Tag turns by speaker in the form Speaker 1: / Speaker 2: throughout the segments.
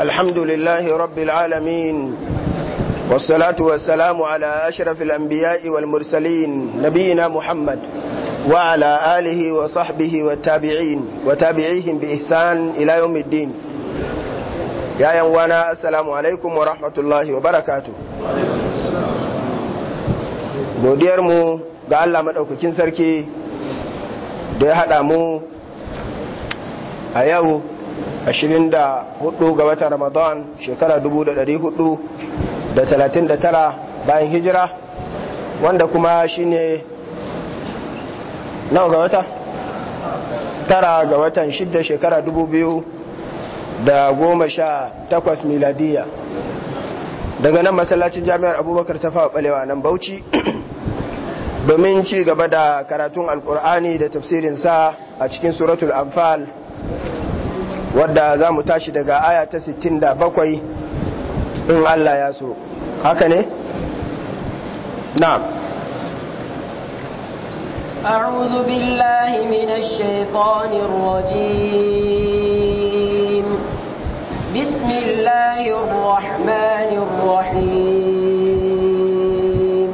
Speaker 1: الحمد لله رب العالمين والصلاة والسلام على أشرف الأنبياء والمرسلين نبينا محمد وعلى آله وصحبه والتابعين وتابعيهم بإحسان إلى يوم الدين يا يوانا السلام عليكم ورحمة الله وبركاته godiyarmu ga Allah maɗaukakin sarki da ya haɗa mu a yau 24 ga watan ramadan shekara 439 bayan hijira wanda kuma shine nawa ga wata tara ga watan shidda shekara 2018 miladiya daga nan masallacin jami'ar abubakar ta fawa balewa nan bauchi domin ci gaba da karatun alkur'ani da tafsirinsa a cikin suratul anfal wadda za mu tashi daga aya ta 67 in Allah ya so haka ne na'am
Speaker 2: أعوذ بالله من الشيطان الرجيم بسم الله الرحمن الرحيم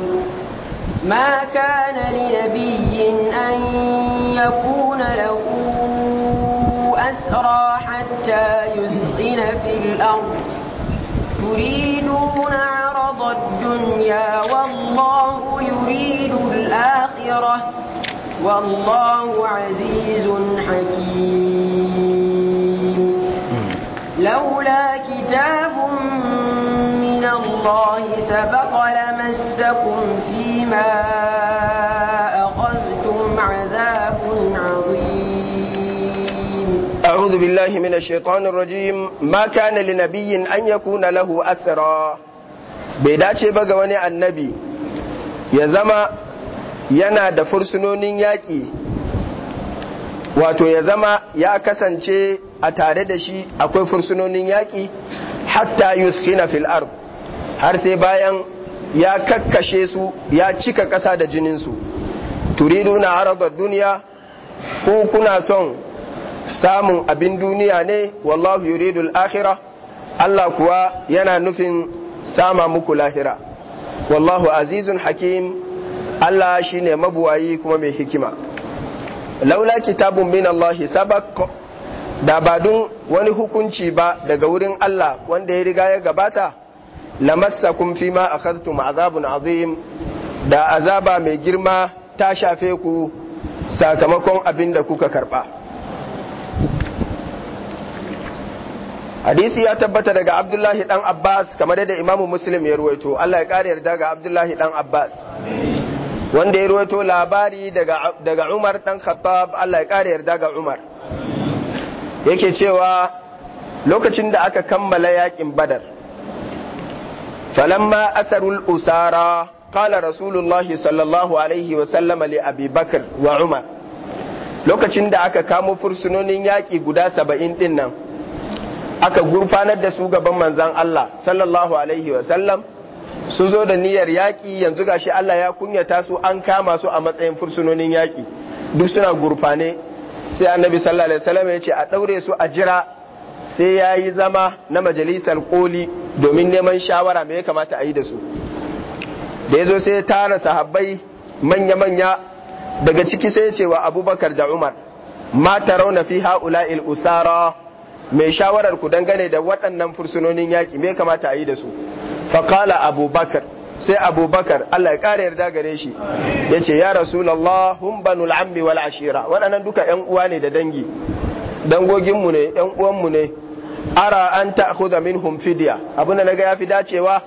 Speaker 2: ما كان لنبي أن يكون له أسرى حتى يسقن في الأرض تريدون عرض الدنيا والله يريد الآخرة والله عزيز حكيم لولا كتاب من الله سبق لمسكم فيما
Speaker 1: بالله من الشيطان الرجيم ما كان لنبي أن يكون له أسرى بيداتي بغواني النبي يزما yana da fursunonin yaƙi wato ya zama ya kasance a tare da shi akwai fursunonin yaƙi hatta yuskina fil ard har sai bayan ya kakkashe su ya cika ƙasa da jininsu turidu na aradar duniya ko kuna son samun abin duniya ne wallahu yuridul akhirah Allah kuwa yana nufin sama muku lahira wallahu azizun hakim Allah shine mabuwayi kuma mai hikima laula kitabun min Allah sabaq da ba wani hukunci ba daga wurin Allah wanda ya riga ya gabata lamassakum fima akhadhtum azabun azim da azaba mai girma ta shafe ku sakamakon abin da kuka karba hadisi ya tabbata daga abdullahi dan abbas kamar yadda imamu muslim ya ruwaito allah ya kare yarda ga abdullahi dan abbas wanda ya ruwaito labari daga umar dan khattab allah ya kare yarda ga umar yake cewa lokacin da aka kammala yakin badar falamma asarul usara qala rasulullahi sallallahu alaihi wa sallam li abi bakr wa umar lokacin da aka kamo fursunonin yaƙi guda saba'in ɗin nan aka gurfanar da su gaban manzan Allah sallallahu alaihi wasallam sun zo da niyyar yaƙi yanzu gashi Allah ya kunyata su an kama su a matsayin fursunonin yaƙi duk suna gurfane sai annabi sallallahu alaihi wasallam ya ce a ɗaure su a jira sai ya yi zama na majalisar koli domin neman shawara me ya kamata a yi da su da ya zo sai ya tara sahabbai manya-manya daga ciki sai ya ce wa abubakar da umar ma rauna fi ha'ula'il usara mai shawarar ku dangane da waɗannan fursunonin yaƙi me kamata a yi da su faƙala abubakar sai abubakar Allah ya ƙara yarda gare shi ya ce ya rasu hum banul ammi wal ashira waɗannan duka ƴan uwa ne da dangi dangoginmu ne ƴan uwanmu ne ara an ta'khudha minhum fidya abinda naga fi dacewa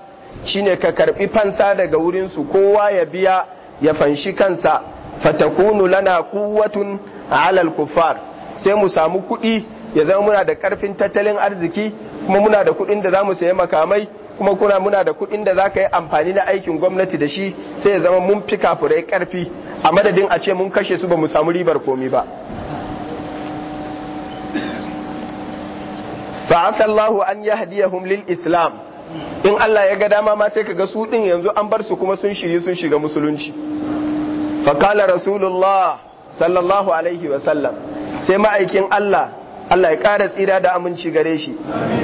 Speaker 1: shine ka karɓi fansa daga wurin su kowa ya biya ya fanshi kansa fatakunu lana quwwatun ala al kuffar sai mu samu kuɗi ya zama muna da karfin tattalin arziki kuma muna da kuɗin da za mu sayi makamai kuma kuna muna da kuɗin da za ka yi amfani na aikin gwamnati da shi sai ya zama mun fi kafurai karfi a madadin a ce mun kashe su ba mu samu ribar komi ba fa'asallahu an yahdiyahum lil islam in Allah ya ga dama ma sai kaga su din yanzu an bar su kuma sun shiri sun shiga musulunci fa qala rasulullah sallallahu alaihi wa sallam sai ma'aikin Allah Allah ya ƙara tsira da aminci gare shi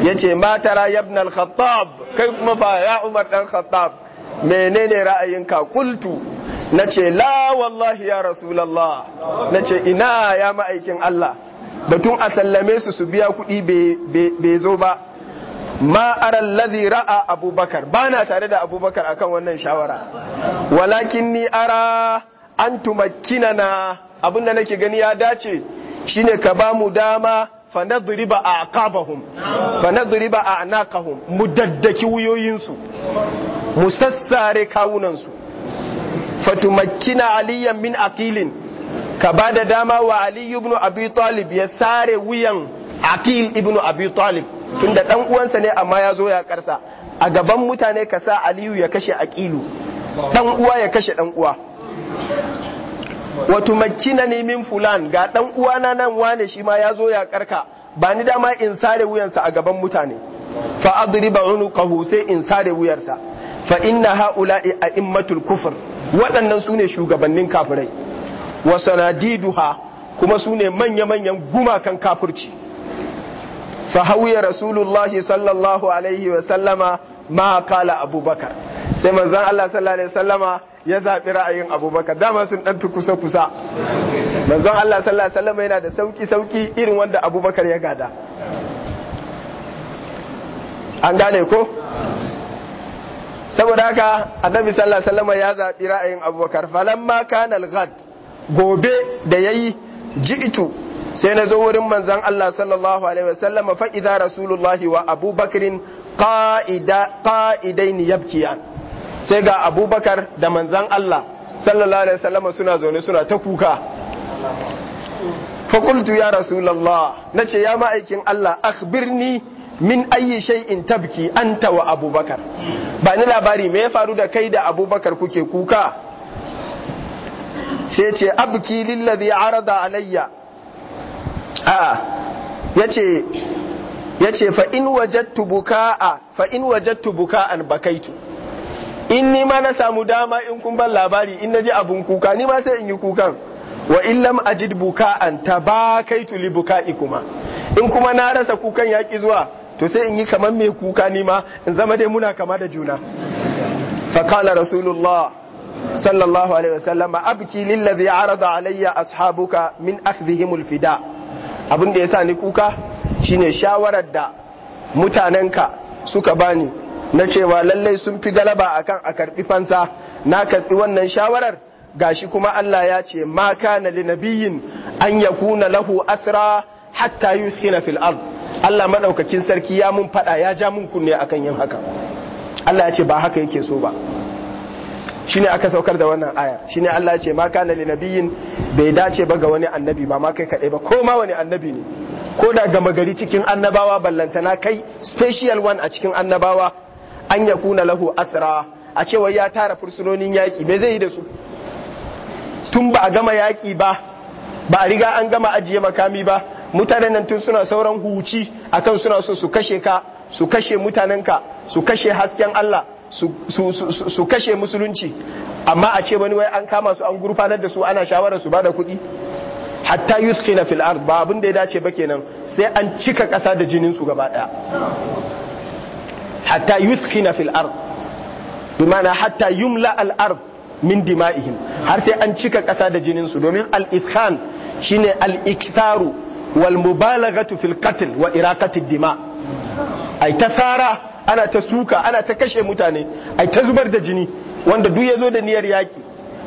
Speaker 1: yace ma tara ibn al-khattab kai kuma fa ya Umar dan Khattab menene ra'ayinka Na ce la wallahi ya Na ce ina ya ma'aikin Allah batun a sallame su su biya kuɗi bai zo ba ma aral ladhi ra'a abubakar bana tare da abubakar akan wannan shawara walakin ni ara an tumakkinana abinda nake gani ya dace shine ka ba mu dama fanadriba aqabahum fanadriba Mu daddaki wuyoyinsu Mu sassare kawunansu fatumakina aliyan min aqilin ka ba da dama wa Aliyu ibn abi talib ya sare wuyan aqil ibn abi talib tunda dan uwansa ne amma ya zo ya karsa a gaban mutane ka sa aliyu ya kashe aqilu dan uwa ya kashe dan uwa makina ne min fulan ga dan uwana nan wane shi ma ya zo ya karka ba ni dama in sare wuyansa a gaban mutane fa adriba unuqahu sai in sare wuyarsa fa inna haula'i a'immatul kufr waɗannan su ne shugabannin kafirai wa sanadiduha kuma su ne manya-manyan gumakan kafirci fa hawiya rasulullahi sallallahu alaihi wa sallama ma kala abubakar sai manzon Allah sallallahu alaihi wasallama ya zaɓi ra'ayin abubakar dama sun ɗan fi kusa kusa manzon Allah sallallahu alaihi wasallama yana da sauki sauki irin wanda abubakar ya gada an gane ko saboda haka annabi sallallahu alaihi wasallama ya zaɓi ra'ayin abubakar falamma kana al-ghad gobe da yayi ji'itu sai na zo wurin manzon Allah sallallahu alaihi wasallama fa idza rasulullahi wa Abubakarin. qa'idain yabkiyan sai ga abubakar da manzan Allah sallallahu alaihi wasallam suna zaune suna ta kuka fakultu ya rasulallah na ce ya ma'aikin Allah akhbirni min ayi shay'in tabki anta wa abubakar ba ni labari me ya faru da kai da abubakar kuke kuka sai ce abki lillazi arada alayya a yace yace fa in wajadtu bukaa fa in bukaan bakaitu in ni ma na samu dama in kun ban labari in ji abun kuka ni ma sai in yi kukan wa in lam ajid bukaan tabakaitu li kuma in kuma na rasa kukan yaki zuwa to sai in yi kamar mai kuka ni ma in zama dai muna kama da juna fa qala rasulullah sallallahu alaihi wasallam abki lillazi arada alayya ashabuka min akhdhihim fida abin da yasa ni kuka shine shawarar da mutanenka suka bani na cewa lallai sun fi galaba akan a karbi fansa na karbi wannan shawarar Ga shi kuma Allah ya ce ma kana li nabiyyin an yakuna lahu asra hatta yuskina fil ard Allah madaukakin sarki ya mun fada ya ja mun kunne akan yin haka Allah ya ce ba haka yake so ba shine aka saukar da wannan ayar shine Allah ya ce ma kana li nabiyyin bai dace ba ga wani annabi ba ma kai kadai ba ko ma wani annabi ne ko da gama gari cikin annabawa ballantana kai special one a cikin annabawa an ya kuna lahu asra a cewa ya tara fursunonin yaƙi me zai yi da su tun ba a gama yaƙi ba ba a riga an gama ajiye makami ba mutanen nan tun suna sauran huci akan suna so su kashe ka su kashe ka, su kashe hasken Allah su kashe musulunci amma a ce wani wai an kama su an gurfanar da su ana shawarar su bada kuɗi hatta yuskina fil ard ba abin da ya dace ba kenan sai an cika ƙasa da jinin su gaba daya hatta yuskina fil ard bi ma'ana hatta yumla al ard min dima'ihim har sai an cika kasa da jininsu domin al ithan shine al iktharu wal mubalaghatu fil wa iraqati dima ai ta ana ta suka ana ta kashe mutane ai ta zubar da jini wanda duk ya zo da niyyar yaƙi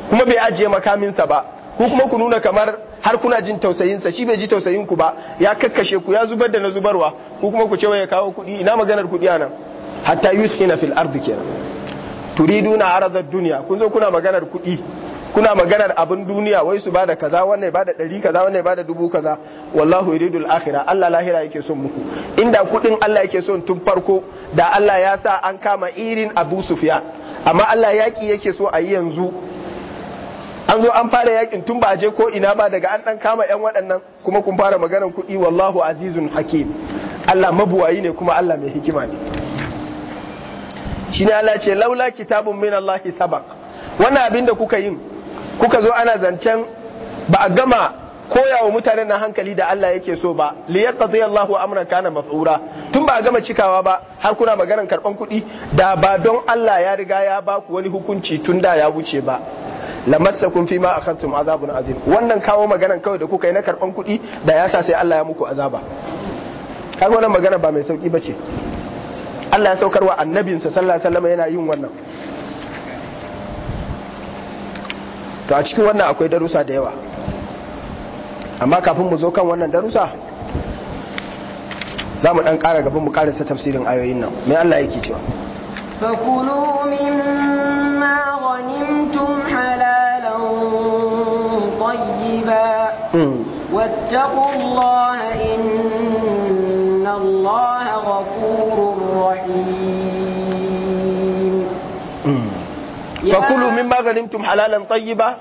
Speaker 1: kuma bai ajiye makaminsa ba ko kuma ku nuna kamar har kuna jin tausayinsa shi bai ji tausayin ku ba ya kakkashe ku ya zubar da na zubarwa ku kuma ku ce ya kawo kuɗi ina maganar kuɗi anan hatta yuskina fil ardi kenan turiduna aradad dunya kun zo kuna maganar kuɗi kuna maganar abin duniya wai su bada kaza wannan bada ɗari kaza wannan bada dubu kaza wallahu yuridul akhirah Allah lahira yake son muku inda kuɗin Allah yake son tun farko da Allah ya sa an kama irin Abu Sufyan amma Allah yaki yake so a yi yanzu an zo an fara yakin tun ba a je ko ina ba daga an dan kama yan waɗannan kuma kun fara maganar kuɗi wallahu azizun hakim Allah mabuwayi ne kuma Allah mai hikima ne shine Allah ce laula kitabun min Allah sabaq wannan abin da kuka yin kuka zo ana zancen ba a gama koya wa mutanen na hankali da Allah yake so ba li yaqdi Allahu amran kana maf'ura tun ba a gama cikawa ba har kuna maganar karban kuɗi da ba don Allah ya riga ya ba ku wani hukunci tun da ya wuce ba lamassakum fi ma akhadtum azabun azim wannan kawo maganan kawai da kuka yi na karban kuɗi da ya sa sai Allah ya muku azaba kaga wannan magana ba mai sauki bace Allah ya saukarwa annabinsa sallallahu alaihi wasallam yana yin wannan to a cikin wannan akwai darusa da yawa amma kafin mu zo kan wannan darusa. za mu dan kara gaban mu karasa tafsirin ayoyin nan mai Allah yake cewa
Speaker 2: فكلوا مما غنمتم حلالا طيبا hmm. واتقوا الله إن
Speaker 1: hmm.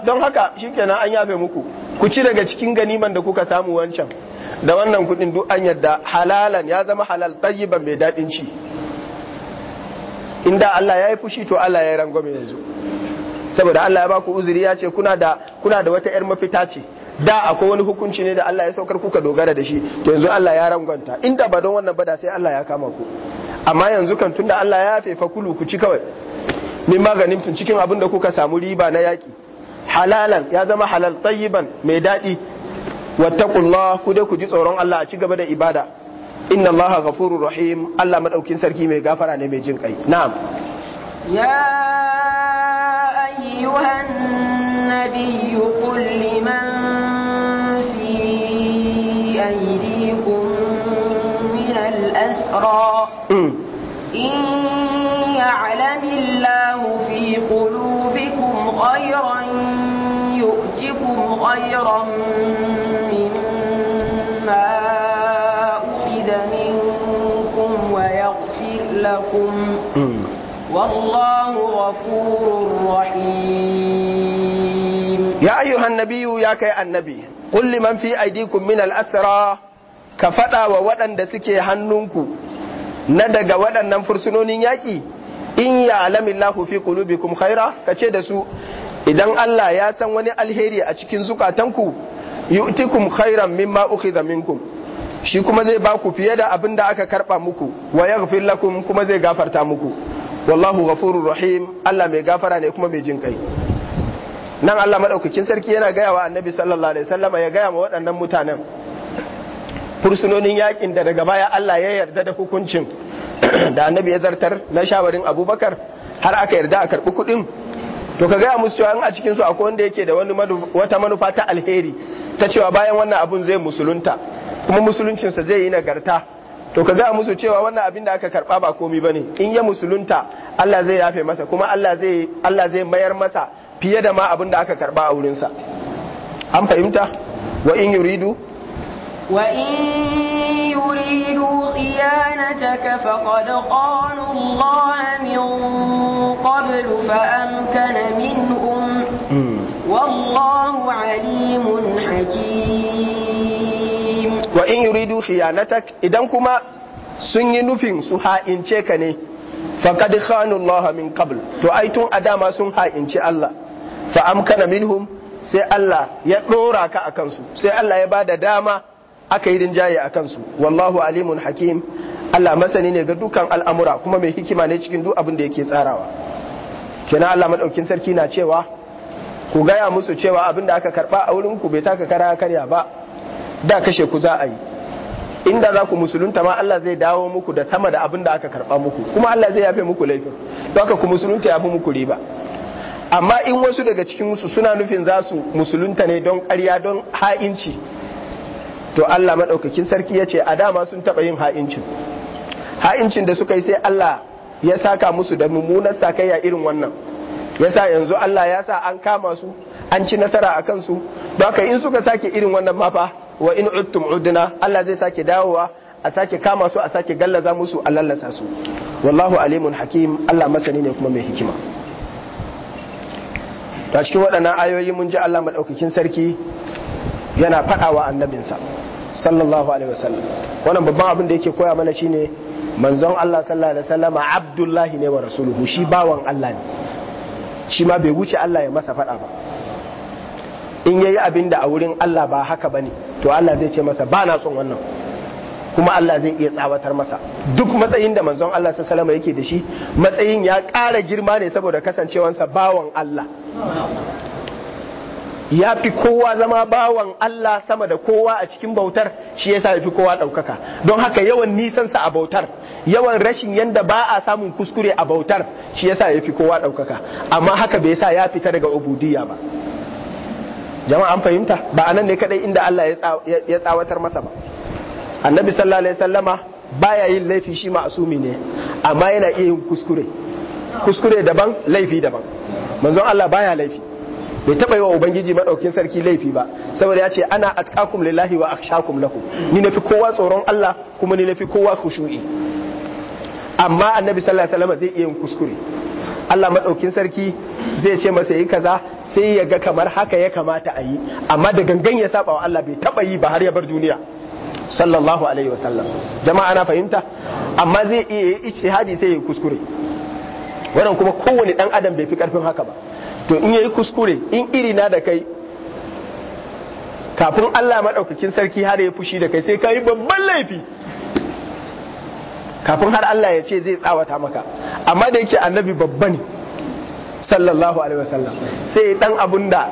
Speaker 1: don haka shikenan an yafe muku ku ci daga cikin ganiman da kuka samu wancan da wannan kudin duk yadda halalan ya zama halal tayyiban mai daɗin ci inda Allah ya yi fushi to Allah ya yi rangwame yanzu saboda Allah ya baku uzuri ya ce kuna da kuna da wata yar mafita ce da akwai wani hukunci ne da Allah ya saukar kuka dogara da shi to yanzu Allah ya rangwanta inda ba don wannan ba da sai Allah ya kama ku amma yanzu kan tunda Allah ya fefa kulu ku ci kawai min maganin tun cikin abin da kuka samu riba na yaki halalan ya zama halal tayyiban mai daɗi wattaqullah ku dai ku ji tsoron Allah a ci gaba da ibada inna allaha ghafurur rahim Allah madaukin sarki mai gafara ne mai jin kai na'am
Speaker 2: ya ayyuhan nabiyyu qul liman fi aydikum min al-asra hmm. in ya'lam illahu fi qulubikum khayran yu'tikum khayran لكم والله غفور رحيم
Speaker 1: يا أيها النبي يا كي النبي قل لمن في أيديكم من الأسرى كفتا وودن دسكي هنونكو ندق ودن ننفر ياكي in ya lahu fi qulubikum khaira kace da su idan Allah ya san wani alheri a cikin zukatanku yu'tikum khairan mimma ukhidha minkum shi kuma zai ba ku fiye da abin da aka karba muku wa yaghfir lakum kuma zai gafarta muku wallahu ghafurur rahim Allah mai gafara ne kuma mai jin kai nan Allah madaukakin sarki yana gaya wa annabi sallallahu alaihi wasallam ya gaya wa waɗannan mutanen fursunonin yakin da daga baya Allah ya yarda da hukuncin da annabi ya zartar na shawarin abubakar har aka yarda a karɓi kuɗin to ka gaya musu cewa a cikin su akwai wanda yake da wani wata manufa ta alheri ta cewa bayan wannan abun zai musulunta kuma musuluncinsa zai yi nagarta to ka gaya musu cewa wannan abin da aka karba ba komi bane in ya musulunta Allah zai yafe masa kuma Allah zai mayar masa fiye da ma abin da aka karba a wurinsa an fahimta wa in yuridu wa
Speaker 2: in yuridu hmm. alimun
Speaker 1: wa in yuridu khiyanatak idan kuma sun yi nufin su ha'ince ka ne faqad khanu Allah min qabl to ai tun a dama sun ha'ince Allah fa amkana minhum sai Allah ya dora ka akan su sai Allah ya bada dama aka yi rinjaye akan su wallahu alimun hakim Allah masani ne ga dukan al'amura kuma mai hikima ne cikin duk abin da yake tsarawa kenan Allah madaukin sarki na cewa ku gaya musu cewa abin da aka karba a wurin ku bai taka kara karya ba da kashe ku za a yi inda za ku musulunta ma Allah zai dawo muku da sama da abin da aka karba muku kuma Allah zai yafe muku laifin don haka ku musulunta ya fi muku riba amma in wasu daga cikin su suna nufin za su musulunta ne don ƙarya don ha'inci to Allah maɗaukakin sarki ya ce a dama sun taɓa yin ha'incin ha'incin da suka yi sai Allah ya saka musu da mummunar sakayya irin wannan ya sa yanzu Allah ya sa an kama su an ci nasara a kansu don haka in suka sake irin wannan mafa wa in uttum udna Allah zai sake dawowa a sake kama su a sake gallaza musu a lallasa su wallahu alimun hakim Allah masani ne kuma mai hikima ta cikin waɗannan ayoyi mun ji Allah maɗaukakin sarki yana faɗawa annabinsa sallallahu alaihi wasallam wannan babban abin da yake koya mana shine manzon Allah sallallahu alaihi wasallam abdullahi ne wa rasuluhu shi bawan Allah ne shi ma bai wuce Allah ya masa faɗa ba in yayi abin da a wurin Allah ba haka bane to Allah zai ce masa ba na son wannan kuma Allah zai iya tsawatar masa duk matsayin da manzon Allah sallallahu yake da shi matsayin ya kara girma ne saboda kasancewansa bawan Allah ya fi kowa zama bawan Allah sama da kowa a cikin bautar shi yasa ya fi kowa ɗaukaka don haka yawan nisansa a bautar yawan rashin yanda ba a samun kuskure a bautar shi yasa ya fi kowa ɗaukaka amma haka bai sa ya fita daga ubudiyya ba jama'a an fahimta ba anan ne kadai inda Allah ya tsawatar masa ba annabi sallallahu alaihi wasallama baya yin laifi shi ma'asumi ne amma yana iya yin kuskure kuskure daban laifi daban manzon Allah baya laifi bai taba yi wa ubangiji madaukin sarki laifi ba saboda ya ce ana atqakum lillahi wa akhshakum lahu ni nafi kowa tsoron Allah kuma ni nafi kowa khushu'i amma annabi sallallahu alaihi wasallama zai iya yin kuskure Allah maɗaukin sarki zai ce masa yi kaza sai ya ga kamar haka ya kamata a yi amma da gangan ya saba wa Allah bai taba yi ba har ya bar duniya sallallahu alaihi wasallam jama'a na fahimta amma zai iya yi ijtihadi sai ya kuskure wannan kuma kowane dan adam bai fi karfin haka ba to in yayi kuskure in iri na da kai kafin Allah maɗaukakin sarki har ya fushi da kai sai ka yi babban laifi kafin har Allah ya ce zai tsawata maka amma da yake annabi babba ne sallallahu alaihi wasallam sai dan abun da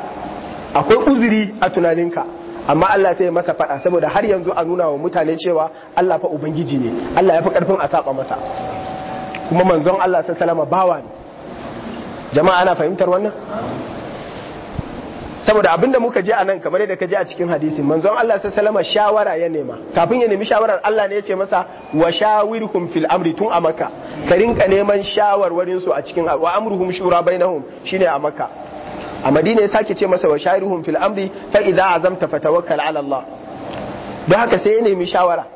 Speaker 1: akwai uzuri a tunaninka amma Allah sai ya masa fada saboda har yanzu a nuna wa mutane cewa Allah fa ubangiji ne Allah ya fi karfin a saba masa kuma manzon Allah sallallahu alaihi wasallam bawa ne jama'a ana fahimtar wannan saboda abinda muka je a nan kamar yadda ka je a cikin hadisi manzon Allah sai salama shawara ya nema kafin ya nemi shawarar Allah ne ya ce masa wa shawirhum fil amri tun a maka ka rinka neman shawarwarin su a cikin wa amruhum shura bainahum shine a maka a madina ya sake ce masa wa shawirhum fil amri fa idza azamta fatawakkal ala Allah don haka sai ya nemi shawara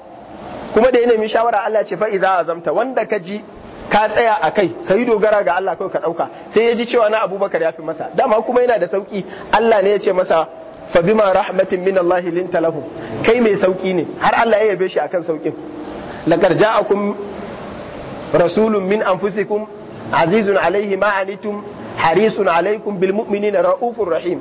Speaker 1: kuma da ya nemi shawara Allah ce fa idza azamta wanda ka ji ka tsaya a kai ka yi dogara ga Allah kawai ka ɗauka sai ya ji cewa na abubakar ya fi masa dama kuma yana da sauki Allah ne ya ce masa fa bima rahmatin min Allah linta lahu kai mai sauki ne har Allah ya yabe shi akan saukin laqad ja'akum rasulun min anfusikum azizun alaihi ma harisun alaikum bil mu'minina raufur rahim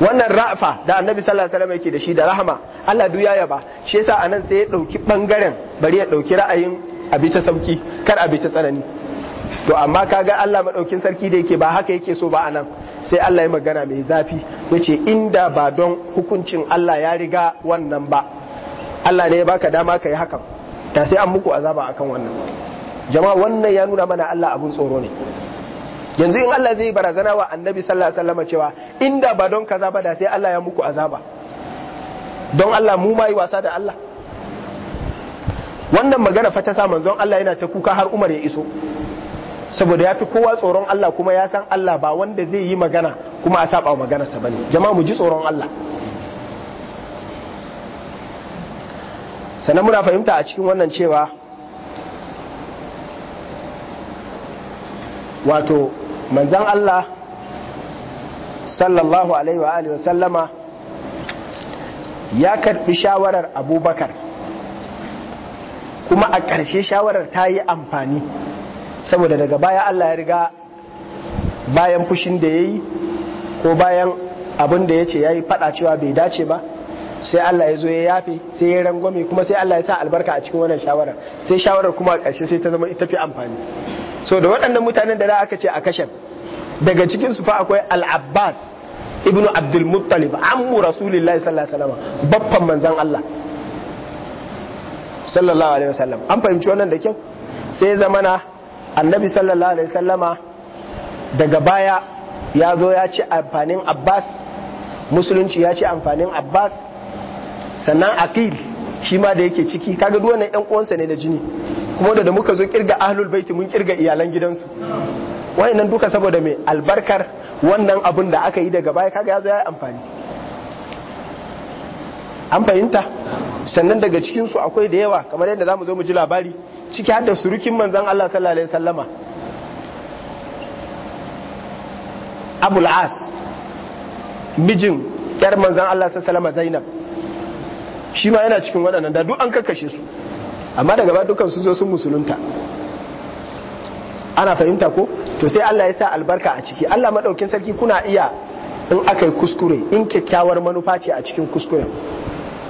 Speaker 1: wannan ra'afa da annabi sallallahu alaihi wasallam yake da shi da rahama Allah duk ya yaba shi yasa anan sai ya ɗauki bangaren bari ya ɗauki ra'ayin abi ta sauki kar abi ta tsanani to amma kaga Allah madaukin sarki da yake ba haka yake so ba anan sai Allah ya magana mai zafi yace inda ba don hukuncin Allah ya riga wannan ba Allah ne ya baka dama kai hakan ta sai an muku azaba akan wannan jama'a wannan ya nuna mana Allah abun tsoro ne yanzu in Allah zai barazana wa annabi sallallahu alaihi wasallam cewa inda ba don kaza ba da sai Allah ya muku azaba don Allah mu ma yi wasa da Allah wannan magana fa sa manzon Allah yana ta kuka har Umar ya iso saboda ya fi kowa tsoron Allah kuma ya san Allah ba wanda zai yi magana kuma a saba maganarsa bane jama'a mu ji tsoron Allah sannan muna fahimta a cikin wannan cewa wato manzan Allah sallallahu alaihi wa sallama ya karbi shawarar abubakar kuma a ƙarshe shawarar ta yi amfani saboda daga baya Allah ya riga bayan fushin da ya yi ko bayan abin da ya ce ya yi faɗa cewa bai dace ba sai Allah ya zo ya yafe sai ya rangwame kuma sai Allah ya sa albarka a cikin wannan shawarar sai shawarar kuma a ƙarshe sai ta zama ita fi amfani so da waɗannan mutanen da za aka ce a kashe daga cikin su fa akwai al-Abbas ibnu Abdul Muttalib ammu Rasulillahi sallallahu alaihi wasallam baffan manzon Allah sallallahu alaihi wasallam an fahimci wannan da kyau sai zamana annabi sallallahu alaihi wasallama daga baya ya zo ya ci amfanin abbas musulunci ya ci amfanin abbas sannan akil shi ma da yake ciki kaga duk wannan yan uwansa ne na jini kuma da muka zo kirga ahlul baiti mun kirga iyalan gidansu wayannan duka saboda mai albarkar wannan abun da aka yi daga baya kaga ya zo ya amfani an fahimta sannan daga cikinsu akwai da yawa kamar yadda za mu zo mu ji labari ciki har surukin manzan Allah sallallahu alaihi wasallama Abul As mijin yar manzan Allah sallallahu alaihi Zainab shi ma yana cikin waɗannan da duk an kakkashe su amma daga ba dukan sun zo sun musulunta ana fahimta ko to sai Allah ya sa albarka a ciki Allah madaukin sarki kuna iya in aka yi kuskure in kyakkyawar manufa ce a cikin kuskuren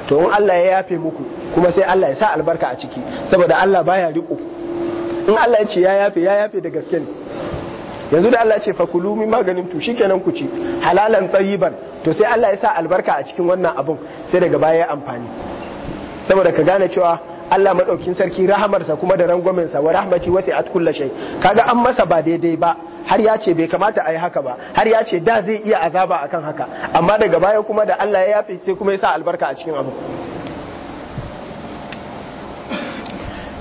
Speaker 1: to in Allah ya yafe muku kuma sai Allah ya sa albarka a ciki saboda Allah baya riko in Allah ya ce ya yafe ya yafe da gaske ne yanzu da Allah ya ce fakulu min maganin tu shikenan ku ci halalan tayyiban to sai Allah ya sa albarka a cikin wannan abun sai daga baya ya amfani saboda ka gane cewa Allah madaukin sarki rahamarsa kuma da sa wa rahmati at kulli shay kaga an masa ba daidai ba har ya ce bai kamata a yi haka ba har ya ce da zai iya azaba akan haka amma daga baya kuma da Allah ya yafe sai kuma ya sa albarka a cikin abu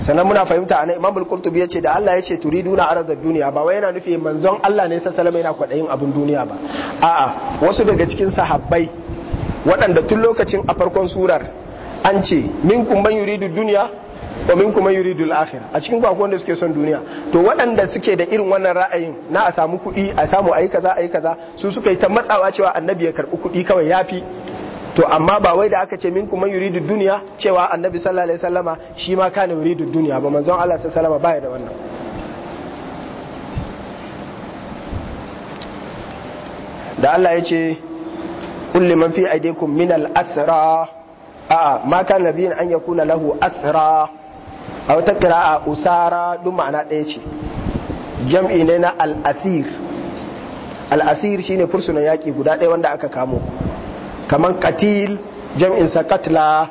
Speaker 1: sannan muna fahimta anan imam al-qurtubi yace da Allah yace turiduna arada duniya ba wai yana nufi manzon Allah ne sai salama yana kwadayin abun duniya ba a'a wasu daga cikin sahabbai waɗanda tun lokacin a farkon surar an ce minkum yuri yuridu duniya? wa minkum man yuri da akhirah a cikin ku da wanda suke son duniya to waɗanda suke da irin wannan ra'ayin na a samu kuɗi a samu ayi kaza ayi kaza su suka yi ta matsawa cewa annabi ya karɓi kuɗi kawai yafi to amma ba wai da aka ce minkum yuri da duniya cewa annabi sallallahu alaihi wasallama shi ma kana da duniya ba manzon Allah sallallahu alaihi wasallama baya da wannan da Allah ya ce kulli man fi aidaikum min al-asra a'a ma kan nabiyin an yakuna lahu asra a wata qira'a usara duk ma'ana ɗaya ce jam'i ne na al-asir al-asir shine fursunan yaki guda ɗaya wanda aka kamo kaman katil jam'in sa katla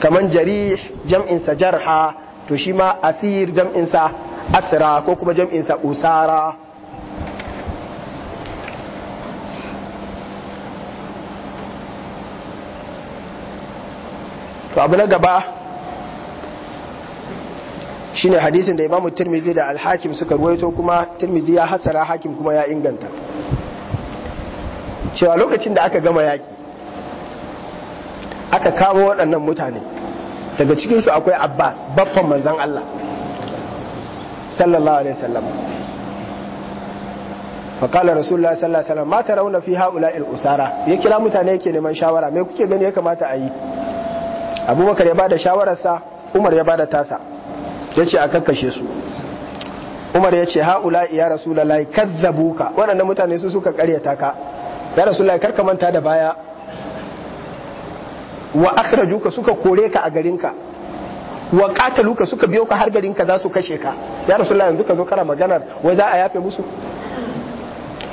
Speaker 1: kaman jarih jam'in sa jarha to shi ma asir jam'in sa asra ko kuma jam'in sa usara to abu na gaba shi ne hadisin da imamu turmizi da alhakim hakim suka ruwaito kuma turmizi ya hasara hakim kuma ya inganta cewa lokacin da aka gama yaki aka kawo waɗannan mutane daga cikinsu akwai abbas baffan manzan allah sallallahu alaihi wasallam faƙalar rasulullah sallallahu alaihi wasallam mata rauna fi ha'ula il'usara usara ya kira mutane yake neman shawara me kuke gani ya kamata a yi abubakar ya bada shawararsa umar ya bada tasa ya ce a kakkashe su umar ya ce ha'ula ya rasulallah kazzabuka waɗannan mutane su suka karyata ka ya rasulallah kar ka manta da baya wa akhrajuka suka kore ka a garinka wa qataluka suka biyo ka har garinka za su kashe ka ya rasulullahi yanzu ka zo kana maganar wai za a yafe musu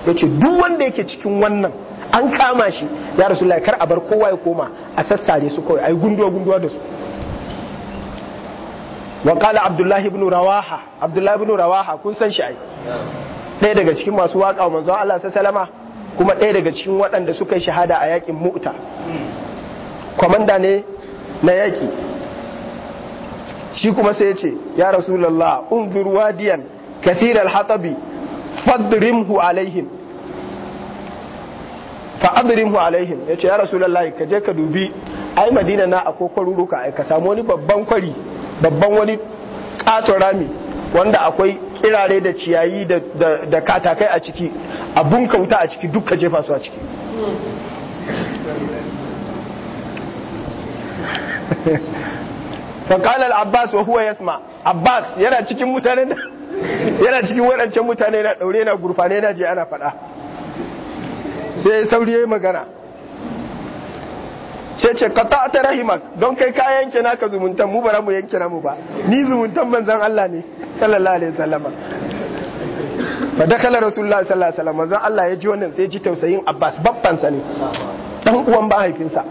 Speaker 1: yace duk wanda yake cikin wannan an kama shi ya rasu kar a bar kowa ya koma a sassare su kawai a yi gunduwa gunduwa da su wakala abdullahi ibn rawaha abdullahi ibn rawaha kun san shi ai ɗaya daga cikin masu waƙa wa manzon Allah sallama kuma ɗaya daga cikin waɗanda suka yi shahada a yakin mu'ta kwamanda ne na yaki shi kuma sai ya ce ya rasulullah unzur wadiyan kathir al-hatabi fadrimhu alaihim fa adrimhu alaihim yace ya rasulullahi ka je ka dubi ai madina na akwai kwaruruka ai ka samu wani babban kwari babban wani katon rami wanda akwai kirare da ciyayi da katakai a ciki a wuta a ciki duka jefa su a ciki faƙalar abbas wa huwa yasma abbas yana cikin mutane yana cikin waɗancan mutane na ɗaure na gurfane na je ana faɗa sai sauri ya yi magana sai ce ka ta ta rahimak don kai ka yanke naka zumuntan mu bara mu yanke namu ba ni zumuntan manzan Allah ne sallallahu alaihi wasallama fa dakala rasulullah sallallahu alaihi wasallam Allah ya ji wannan sai ji tausayin Abbas babban sa ne dan uwan ba haifinsa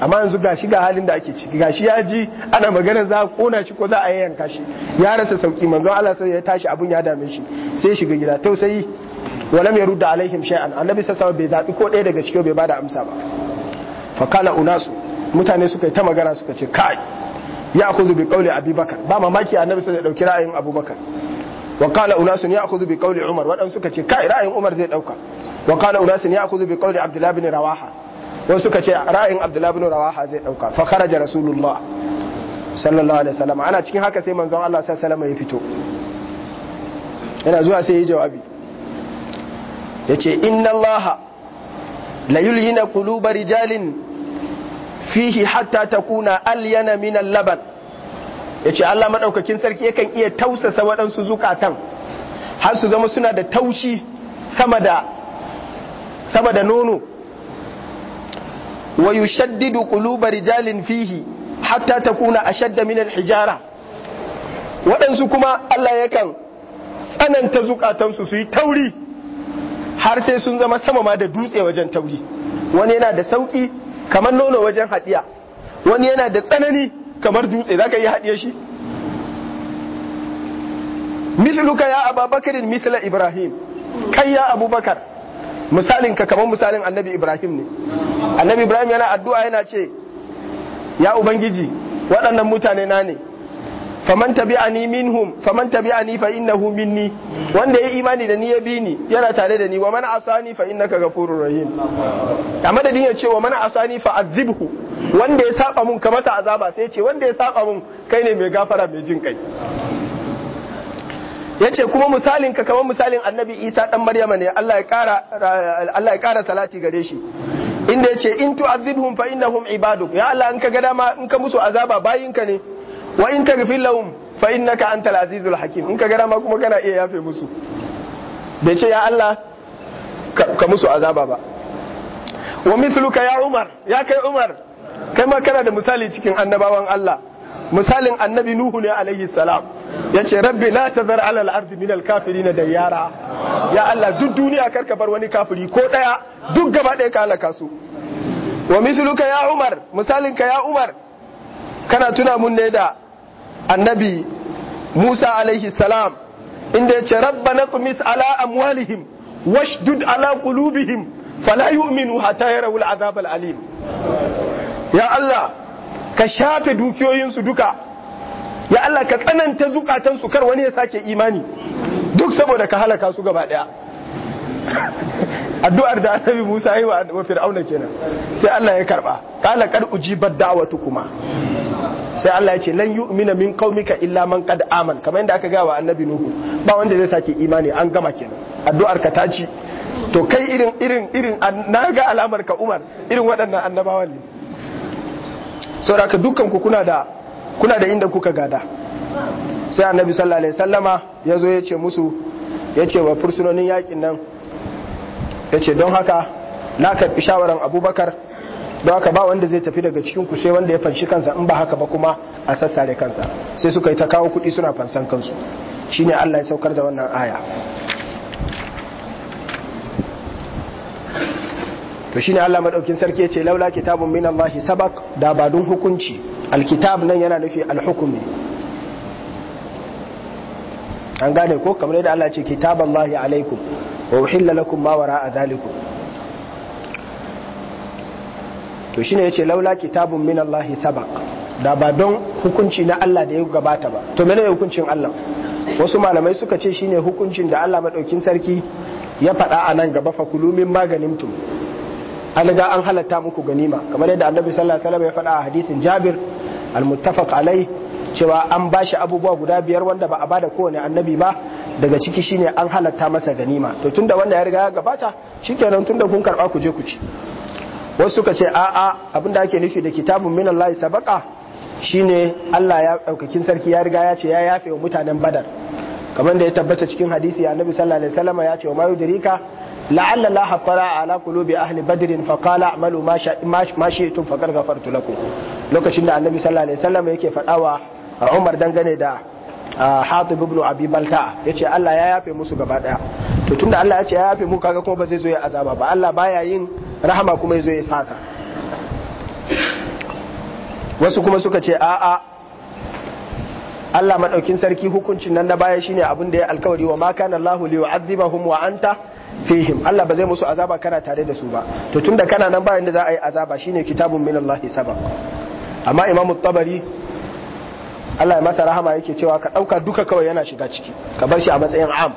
Speaker 1: amma yanzu gashi ga halin da ake ciki gashi ya ji ana magana za a kona shi ko za a yanka shi ya rasa sauki manzo Allah sai ya tashi abun ya dame shi sai shiga gida tausayi walam ya rudda alaihim shay'an annabi sallallahu bai zabi ko ɗaya daga cikin bai bada amsa ba fa kana unasu mutane suka yi ta magana suka ce kai ya akhudhu bi qawli abubakar ba mamaki annabi sai ya dauki ra'ayin abubakar wa qala unasun ya akhudhu bi qawli umar wadan suka ce kai ra'ayin umar zai dauka wa qala unasun ya akhudhu bi qawli abdullah bin rawaha wa suka ce ra'ayin abdullah bin rawaha zai dauka fa kharaja rasulullah sallallahu alaihi wasallam ana cikin haka sai manzon Allah sallallahu alaihi wasallam ya fito Ina zuwa sai ya jawabi yace inna allaha la yulhina quluba rijalin fihi hatta takuna alyana min al yace Allah madaukakin sarki yakan iya tausasa waɗansu zukatan har su zama suna da taushi sama da nono wa yushaddidu quluba rijalin fihi hatta takuna a shadda minan hijara waɗansu kuma Allah yakan tsananta zukatansu su yi tauri har sai sun zama sama ma da dutse wajen tauri wani yana da sauki kamar nono wajen haɗiya wani yana da tsanani kamar dutse zaka yi haɗiye shi misluka ya ababakarin misla ibrahim kai ya abubakar misalin ka kamar misalin annabi ibrahim ne annabi ibrahim yana addu'a yana ce ya ubangiji waɗannan mutane na ne faman tabi'ani minhum faman tabi'ani fa innahu minni wanda ya imani da ni ya bi ni yana tare da ni wa man asani fa innaka ghafurur rahim ta madadin ya ce wa man asani fa azibhu wanda ya saba mun ka masa azaba sai ya ce wanda ya saba mun kai ne mai gafara mai jin kai yace kuma misalin ka kamar misalin annabi Isa dan Maryama ne Allah ya kara Allah ya kara salati gare shi inda yace in tu'azibhum fa innahum ibaduk ya Allah in ka ga dama in ka musu azaba bayinka ne wa in laun lahum fa innaka antal azizul hakim in ka gara ma kuma kana iya yafe musu bai ce ya Allah ka musu azaba ba wa misluka ya Umar ya kai Umar kai ma kana da misali cikin annabawan Allah misalin annabi Nuhu ne alaihi salam ya ce rabbi la tazar ala al-ardi min al-kafirin da yara ya Allah duk duniya kar ka bar wani kafiri ko ɗaya duk gaba daya ka halaka su wa misluka ya Umar misalin ka ya Umar kana tuna mun ne da annabi Musa alaihi salam inda ya ce rabba na tumis ala amwalihim washdud ala kulubihim fala yu'minu hatta yarawu azabar alim ya Allah ka shafe dukiyoyinsu duka ya Allah ka tsananta zukatansu kar wani ya sake imani duk saboda ka halaka su gaba daya addu'ar da annabi Musa yi wa fir'auna kenan sai Allah ya karba kala kar ujibat da'watukuma sai Allah ya ce lan yu'mina min qaumika illa man qad aman kamar yadda aka gawa annabi nuhu ba wanda zai sake imani an gama kenan addu'ar ka ta ci to kai irin irin irin na ga alamar ka Umar irin waɗannan annabawan ne saboda ka dukkan ku kuna da kuna da inda kuka gada sai annabi sallallahu alaihi sallama ya zo ya ce musu ya ce wa fursunonin yakin nan ya ce don haka na karɓi shawaran abubakar don haka ba wanda zai tafi daga cikin ku wanda ya fanshi kansa in ba haka ba kuma a sassare kansa sai suka yi ta kawo kuɗi suna fansan kansu shine Allah ya saukar da wannan aya to shine Allah madaukin sarki ya ce laula kitabun min Allah sabaq da hukunci alkitab nan yana nufi alhukumi an gane ko kamar yadda Allah ce kitaballahi alaikum wa uhilla lakum ma wara'a zalikum to shi shine ce laula kitabun min Allah sabaq da ba don hukunci na Allah da ya gabata ba to ne hukuncin Allah wasu malamai suka ce shi ne hukuncin da Allah maɗaukin sarki ya faɗa a nan gaba fa kulumin maganin tum an ga an halatta muku ganima kamar yadda annabi sallallahu alaihi wasallam ya faɗa a hadisin Jabir al alai cewa an bashi abubuwa guda biyar wanda ba a bada kowane annabi ba daga ciki shine an halatta masa ganima to tunda wanda ya riga ya gabata shikenan tunda kun karba ku je ku ci wasu suka ce a'a abinda ake nufi da kitabun min Allah shi shine Allah ya daukakin sarki ya riga ya ce ya yafe wa mutanen Badar kamar da ya tabbata cikin hadisi Annabi sallallahu alaihi wasallam ya ce wa mayu dirika la'alla la hafara ala qulubi ahli badrin fa qala amalu ma shi'tum fa ghafartu lakum lokacin da Annabi sallallahu alaihi wasallam yake fadawa Umar dangane da Hatib ibn Abi Balta yace Allah ya yafe musu gaba daya to tunda Allah ya ce ya yafe mu kaga kuma ba zai zo ya azaba ba Allah baya yin rahama kuma yazo ya fasa wasu kuma suka ce a'a Allah maɗaukin sarki hukuncin nan na baya shine abin da ya alkawari wa ma Allah Allahu li yu'adhibahum wa anta fihim Allah ba zai musu azaba kana tare da su ba to tun tunda kana nan bayan da za a yi azaba shine kitabun min Allah sabab amma Imam tabari Allah ya masa rahama yake cewa ka ɗauka duka kawai yana shiga ciki ka bar shi a matsayin am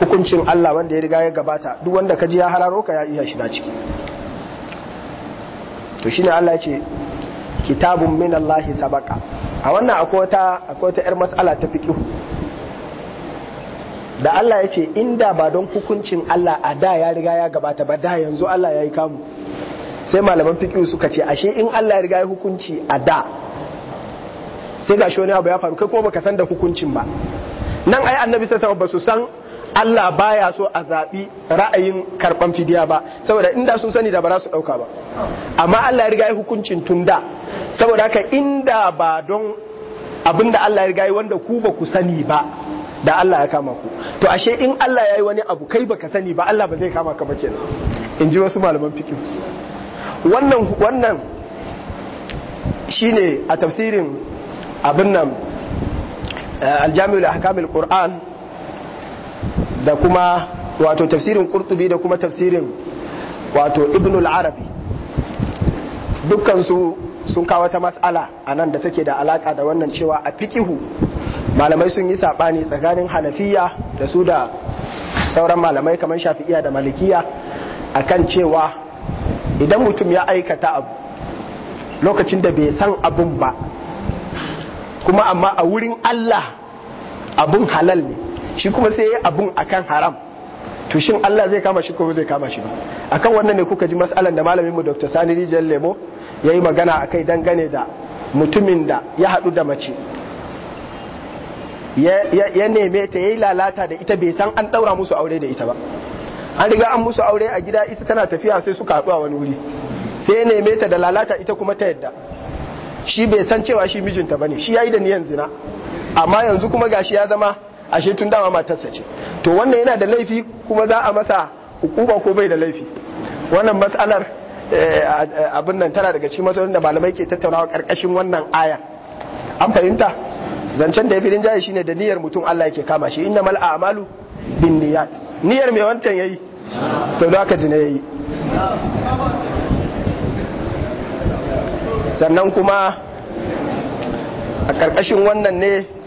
Speaker 1: hukuncin Allah wanda ya riga ya gabata duk wanda ka ji ya hararo ka ya iya shiga ciki to shi ne Allah ce kitabun min Allah sabaka a wannan akwai wata yar matsala ta fiƙi da Allah ya ce inda ba don hukuncin Allah a da ya riga ya gabata ba da yanzu Allah ya yi kamu sai malaman fiƙi suka ce ashe in Allah ya riga ya hukunci a da sai ga wani abu ya faru kai kuma baka san da hukuncin ba nan ai annabi sai ba su san Allah baya so a zaɓi ra'ayin karɓan fidiya ba saboda inda sun sani da ba za su ɗauka ba amma Allah ya riga ya hukuncin tunda saboda haka inda ba don abinda da Allah ya riga ya wanda ku ba ku sani ba da Allah ya kama ku to ashe in Allah ya yi wani abu kai baka sani ba Allah ba zai kama ka ba kenan in ji wasu malaman fikin wannan wannan shine a tafsirin abin nan eh, aljami'ul ahkamul qur'an da kuma wato tafsirin kurtubi da kuma tafsirin wato ibn al-arabi dukkan sun kawo ta mas'ala a nan da take da alaka da wannan cewa a fikihu malamai sun yi saɓani tsakanin hanafiya da su da sauran malamai kamar shafi'iya da malikiya akan cewa idan mutum ya aikata abu lokacin da bai san abun ba kuma amma a wurin Allah abun halal ne shi kuma sai ya abun akan haram to shin Allah zai kama shi ko zai kama shi ba akan wannan ne kuka ji mas'alan da malamin mu Dr. Sani Rijal Lemo yayi magana akai dangane da mutumin da ya hadu da mace ya neme ta yayi lalata da ita bai san an daura musu aure da ita ba an riga an musu aure a gida ita tana tafiya sai suka haɗu a wani wuri sai ya neme ta da lalata ita kuma ta yadda shi bai san cewa shi mijinta bane shi yayi da niyan zina amma yanzu kuma gashi ya zama ashe tun dama matarsa ce to wannan yana da laifi kuma za a masa hukuma ko bai da laifi wannan matsalar eh, abin nan tana daga cikin matsalolin da malamai ke tattaunawa karkashin wannan aya an fahimta zancen da ya filin jaye shine da niyyar mutum Allah yake kama shi mal a'malu bin niyyat niyyar mai wancan yayi to da aka dina yayi sannan kuma a karkashin wannan ne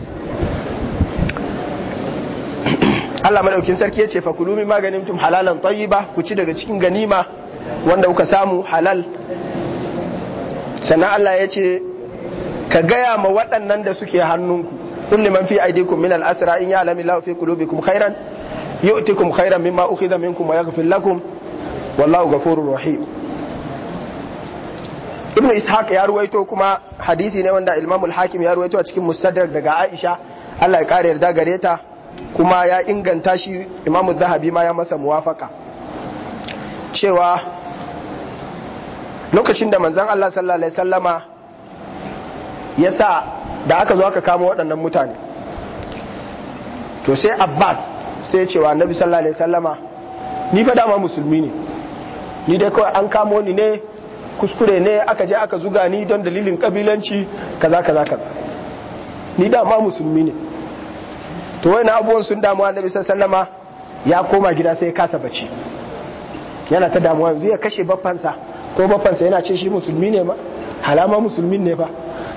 Speaker 1: Allah madaukin sarki yace fa kulumi maganin tum halalan tayyiba ku ci daga cikin ganima wanda kuka samu halal sannan Allah ya ce ka gaya ma waɗannan da suke hannunku kulli man fi aidikum min al-asra in ya'lamu Allahu fi qulubikum khairan yu'tikum khairan mimma ukhidha minkum wa yaghfir lakum wallahu ghafurur rahim ibnu ishaq ya ruwaito kuma hadisi ne wanda ilmamul hakim ya ruwaito a cikin mustadrak daga aisha Allah ya kare yarda gare ta kuma ya inganta shi imamu zahabi ma ya masa muwafaka cewa lokacin da manzan Allah sallallahu sallama ya sa da aka zo aka kama waɗannan mutane to sai abbas sai cewa nabi sallallahu alaihi sallama ni fa dama musulmi ne ni dai kawai an kamo ni ne kuskure ne aka je aka zuga ni don dalilin kabilanci kaza kaza kaza ni dama musulmi ne to wani abubuwan sun damu annabi sallama ya koma gida sai ya kasa bacci yana ta damuwa yanzu ya kashe baffansa ko baffansa yana ce shi musulmi ne ma halama musulmin ne fa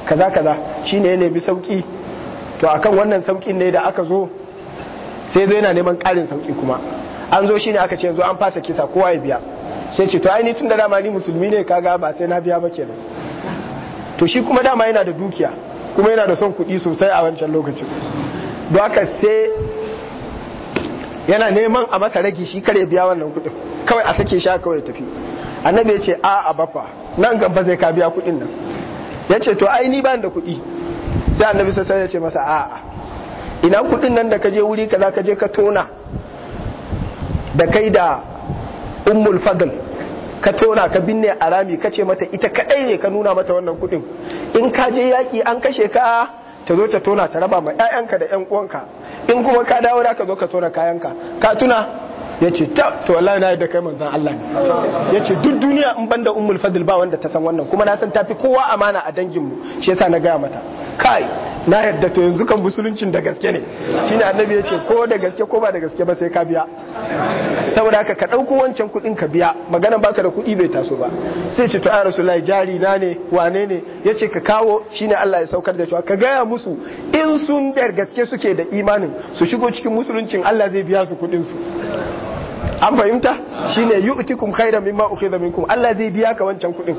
Speaker 1: kaza kaza shine ya nemi sauki to akan wannan saukin ne da aka zo sai zai yana neman karin sauki kuma an zo shine aka ce yanzu an fasa kisa kowa ya biya sai ce to ni tun da dama ni musulmi ne kaga ba sai na biya ba kenan to shi kuma dama yana da dukiya kuma yana da son kuɗi sosai a wancan lokacin don aka sai yana neman a masa ragi shi kare biya wannan kudin kawai a sake sha kawai tafi annabi ya ce a a bafa nan gaba zai ka biya kudin nan ya ce to ai ni da kudi sai annabi sai ya ce masa a a ina kudin nan da ka je wuri kaza ka je ka tona da kai da ummul fadl ka tona ka binne a rami ka ce mata ita kadai ne ka nuna mata wannan kudin in ka je yaki an kashe ka ta zo ta tona ta raba ma 'ya'yanka da 'yan uwanka in kuma ka dawo da ka zo ka tona kayanka ka tuna ya ce ta to na yadda kai manzan Allah ne ya ce duk duniya in banda umul Fadil ba wanda ta san wannan kuma na san tafi kowa amana a danginmu shi yasa na gaya mata kai na yadda to yanzu kan musuluncin da gaske ne shine annabi ya ce ko da gaske ko ba da gaske ba sai ka biya saboda haka ka ɗauko wancan kuɗin ka biya magana baka da kuɗi bai taso ba sai ce to ai rasulullahi jari na ne wane ne ya ce ka kawo shine Allah ya saukar da cewa ka gaya musu in sun da gaske suke da imanin su shigo cikin musuluncin Allah zai biya su kuɗin su an fahimta shine yu'tikum khairan mimma da minkum Allah zai biya ka wancan kuɗin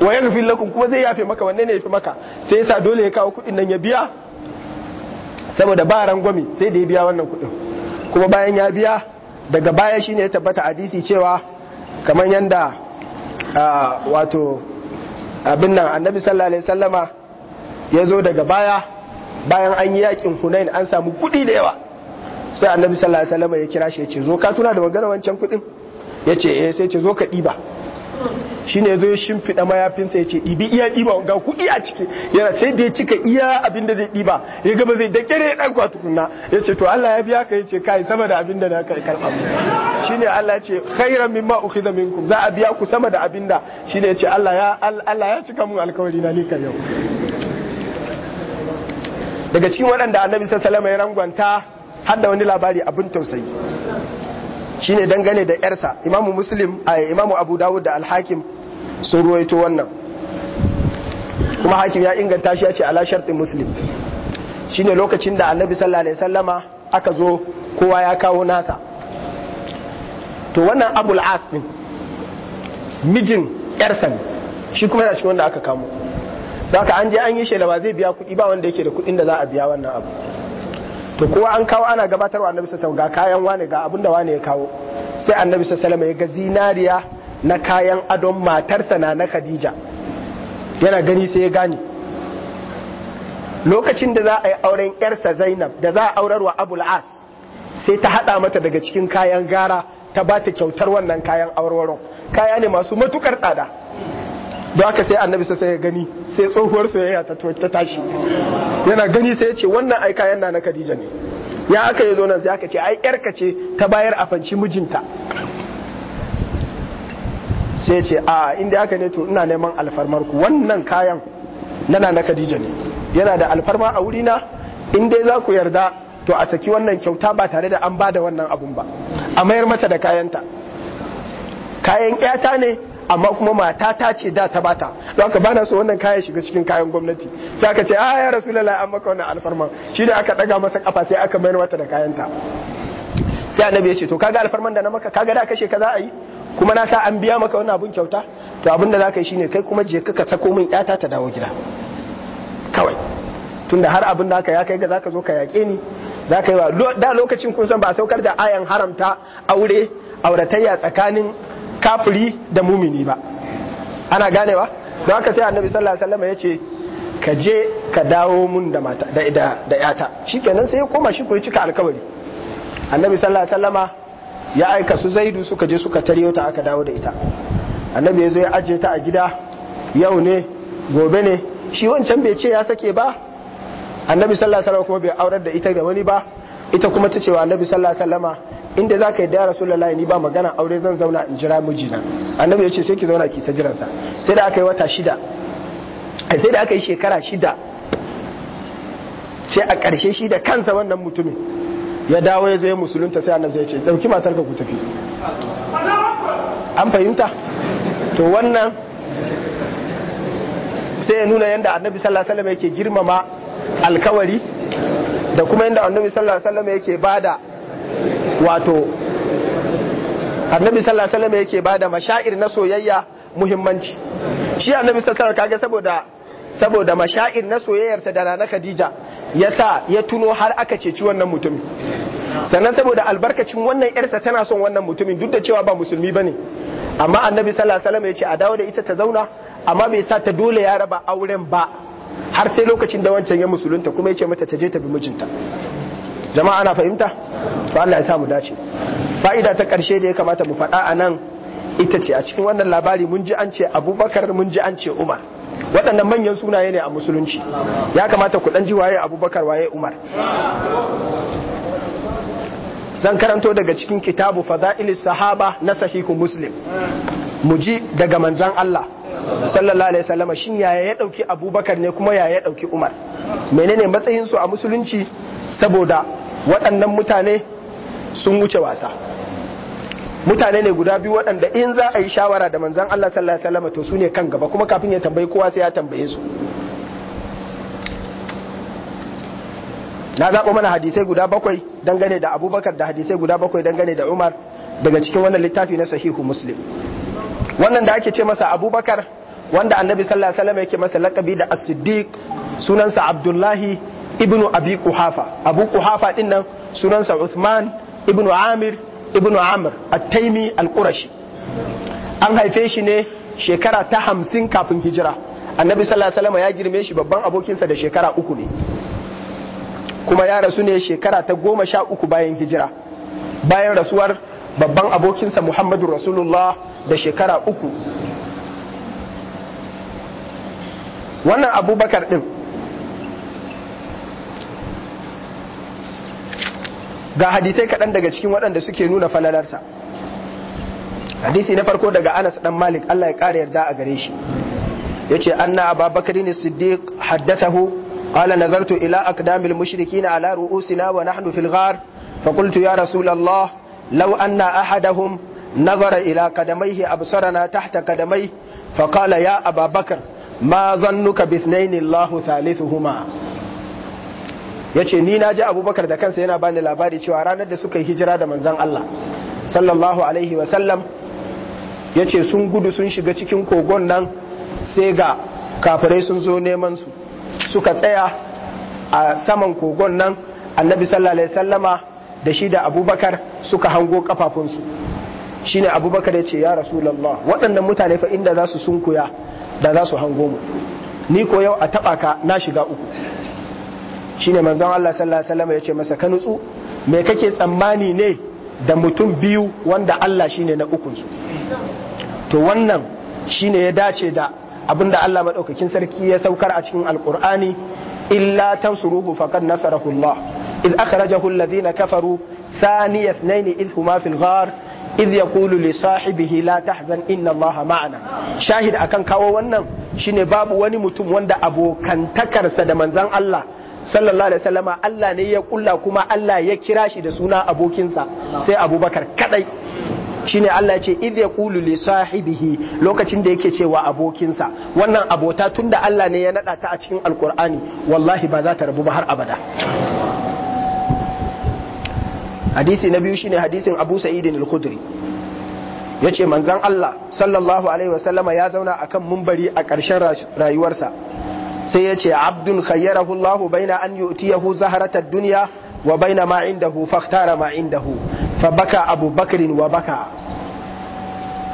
Speaker 1: wa yaghfir lakun kuma zai yafe maka wanne ne yafi maka sai ya sa dole ya kawo kuɗin nan ya biya saboda ba rangwami sai da ya biya wannan kuɗin kuma bayan ya biya daga baya shi ne ya tabbata hadisi cewa kamar yadda wato abin nan annabi sallallahu alaihi wasallama ya zo daga baya bayan an yi yakin hunain an samu kuɗi da yawa sai annabi sallallahu alaihi wasallam ya kira shi ya ce zo ka tuna da magana wancan kuɗin ya ce eh sai ce zo ka ɗiba shine ya zo ya shimfiɗa mayafinsa ya ce dibi iya ɗiba ga kudi a ciki yana sai da ya cika iya abin da zai ɗiba ya ba zai kere dan kwa tukunna ya ce to Allah ya biya ka ya ce kai sama da abin da na kai karɓa shine Allah ya ce khairan mimma ukhidha minkum za a biya ku sama da abin da shine ya ce Allah ya Allah ya cika mun alkawari na lika yau daga cikin waɗanda annabi sallallahu alaihi wasallam ya rangwanta har wani labari abin tausayi shine dangane da yarsa imamu muslim a eh, imamu abu dawud da alhakim sun ruwaito wannan kuma hakim ya inganta shi ya ce ala shartin muslim ne lokacin da annabi sallallahu alaihi sallama aka zo kowa ya kawo nasa to wannan abul as din mijin yarsa shi kuma yana cikin wanda aka kamo da an je an yi shela ba zai biya kuɗi ba wanda yake da kuɗin da za a biya wannan abu to kowa an kawo ana gabatarwa annabi sallallahu ga kayan wane ga abinda wane ya kawo sai annabi sallallahu ya ga zinariya na kayan adon matarsa na na Khadija yana gani sai ya gane lokacin da za a yi auren yarsa Zainab da za a aurarwa Abul As sai ta hada mata daga cikin kayan gara ta ba ta kyautar wannan kayan aurwaron kaya ne masu matukar tsada don aka sai annabi sai ya gani sai tsohuwar soyayya ta tashi yana gani sai ya ce wannan ai kayan na na Khadija ne ya aka yi zo sai aka ce ai yarka ce ta bayar a fanci mijinta sai ce a inda aka ne to ina neman alfarmar ku wannan kayan nana na Khadija ne yana da alfarma a wurina in dai za ku yarda to a saki wannan kyauta ba tare da an ba da wannan abun ba a mayar mata da kayanta kayan 'yata ne amma kuma mata ta ce da ta bata don bana su wannan kayan shiga cikin kayan gwamnati sai aka ce a ah, ya rasulullahi an maka wannan alfarman shi da aka daga masa kafa sai aka bayar mata da kayan ta sai annabi ya ce to kaga alfarman da na maka kaga da kashe ka za a yi kuma na sa an biya maka wannan abun kyauta to abin da za yi shine kai kuma je ka sako min yata ta dawo gida kawai tunda har abin da aka ya kai ga zaka zo ka yaƙe ni za yi wa da lokacin kun san ba saukar da ayan haramta aure auratayya tsakanin kafiri da mumini ba ana ba. don haka sai annabi sallallahu alaihi wasallam ya ce ka je ka dawo mun da mata da da, da yata shikenan sai ya koma shi koyi cika alkawari annabi sallallahu alaihi wasallama ya aika su zaidu suka je suka tariyo ta aka dawo da ita annabi ya zo ya ajiye ta a gida yau ne gobe ne shi wancan bai ce ya sake ba annabi sallallahu alaihi wasallama kuma bai aurar da ita da wani ba ita kuma ta cewa annabi sallallahu alaihi wasallama inda za ka yi da rasulullahi ni ba magana aure zan zauna in jira mijina annabi ya ce sai ki zauna ki ta jiransa sai da aka yi wata shida sai da aka yi shekara shida sai a ƙarshe shi da kansa wannan mutumin ya dawo ya zai musulunta sai annabi ya ce dauki ka ku tafi an fahimta to wannan sai ya nuna yadda annabi sallallahu alaihi wasallam yake girmama alkawari da kuma yadda annabi sallallahu alaihi wasallam yake bada wato annabi sallallahu alaihi wasallam yake bada mashair na soyayya muhimmanci shi annabi sallallahu alaihi kaga saboda saboda mashair na soyayyarsa da Nana Khadija yasa ya tuno har aka ceci wannan mutumin sannan saboda albarkacin wannan yarsa tana son wannan mutumin duk da cewa ba musulmi bane amma annabi sallallahu alaihi wasallam yace a dawo da ita ta zauna amma bai sa ta dole ya raba auren ba har sai lokacin da wancan ya musulunta kuma yace mata ta je ta bi mijinta jama'a ana fahimta to Allah ya sa mu dace fa'ida ta karshe da ya kamata mu faɗa a nan ita ce a cikin wannan labari mun ji an ce abubakar mun ji an ce umar waɗannan manyan sunaye ne a musulunci ya kamata ku ɗan ji waye abubakar waye umar zan karanto daga cikin kitabu fada'ilis sahaba na sahihu muslim mu ji daga manzan Allah sallallahu alaihi wasallam shin yaya ya dauki abubakar ne kuma yaya ya dauki umar menene matsayin su a musulunci saboda waɗannan mutane sun wuce wasa mutane ne guda biyu waɗanda in za a yi shawara da manzan Allah sallallahu alaihi wasallam to su ne kan gaba kuma kafin ya tambayi kowa sai ya tambaye su na zaɓo mana hadisai guda bakwai dangane da abubakar da hadisai guda bakwai dangane da umar daga cikin wannan littafi na sahihu muslim wannan da ake ce masa abubakar wanda annabi sallallahu alaihi wasallam yake masa lakabi da as-siddiq sunansa abdullahi ibnu abi kuhafa abu kuhafa din sunansa Usman, ibnu amir ibnu amr at-taimi al-qurashi an haife shi ne shekara ta hamsin kafin hijira annabi sallallahu ya girme shi babban abokinsa da shekara uku ne kuma ya rasu ne shekara ta goma sha uku bayan hijira bayan rasuwar babban abokinsa muhammadu rasulullah da shekara uku wannan abubakar ɗin. ga hadisai kaɗan daga cikin waɗanda suke nuna falalarsa hadisi na farko daga anas dan malik allah ya ƙara yarda a gare shi ya ce anna ababakar ne siddiq haddathahu qala nazartu ila aqdamil na ala ru'usina wa nahnu fil ghar ya qultu ya rasul law anna ahadahum nazara ila qadamayhi absarana tahta kadamai fa qala ya ababakar ma dhannuka bi ithnayn thalithuhuma yace ni na ji abubakar da kansa yana bani labari cewa ranar da suka yi hijira da manzan Allah sallallahu alaihi wa sallam yace sun gudu sun shiga cikin kogon nan sai ga kafirai sun zo neman su suka tsaya a saman kogon nan annabi sallallahu alaihi wasallama da shi da abubakar suka hango kafafunsu shine abubakar ya ce ya rasulallah waɗannan mutane fa inda za su sunkuya da za su hango mu ni ko yau a taɓa ka na shiga uku shine manzon Allah sallallahu alaihi wasallam ya ce masa ka nutsu me kake tsammani ne da mutum biyu wanda Allah shine na ukun su to wannan shine ya dace da abinda Allah Maɗaukakin sarki ya saukar a cikin alqur'ani illa tansuruhu faqad nasarahu Allah إذ أخرجه الذين كفروا ثاني اثنين إذ هما في الغار إذ يقول لصاحبه لا تحزن إن الله معنا شاهد أكن كاو wannan shine babu wani mutum wanda abokantakarsa da manzon Allah sallallahu alaihi wasallama Allah ne ya kulla kuma Allah ya kira shi da suna abokinsa sai abubakar kadai shine Allah ya ce idh yaqulu li sahibihi lokacin da yake cewa abokinsa wannan abota tunda Allah ne ya nada ta a cikin alqur'ani wallahi ba za ta rabu ba har abada hadisi na biyu shine hadisin Abu Sa'id al-Khudri yace manzon Allah sallallahu alaihi wasallama ya zauna akan mumbari a ƙarshen rayuwarsa sai ya ce abdun khayyarahu Allah baina an yu'tiyahu zaharata dunya wa baina ma indahu fakhtara ma indahu fa baka Abu Bakr wa baka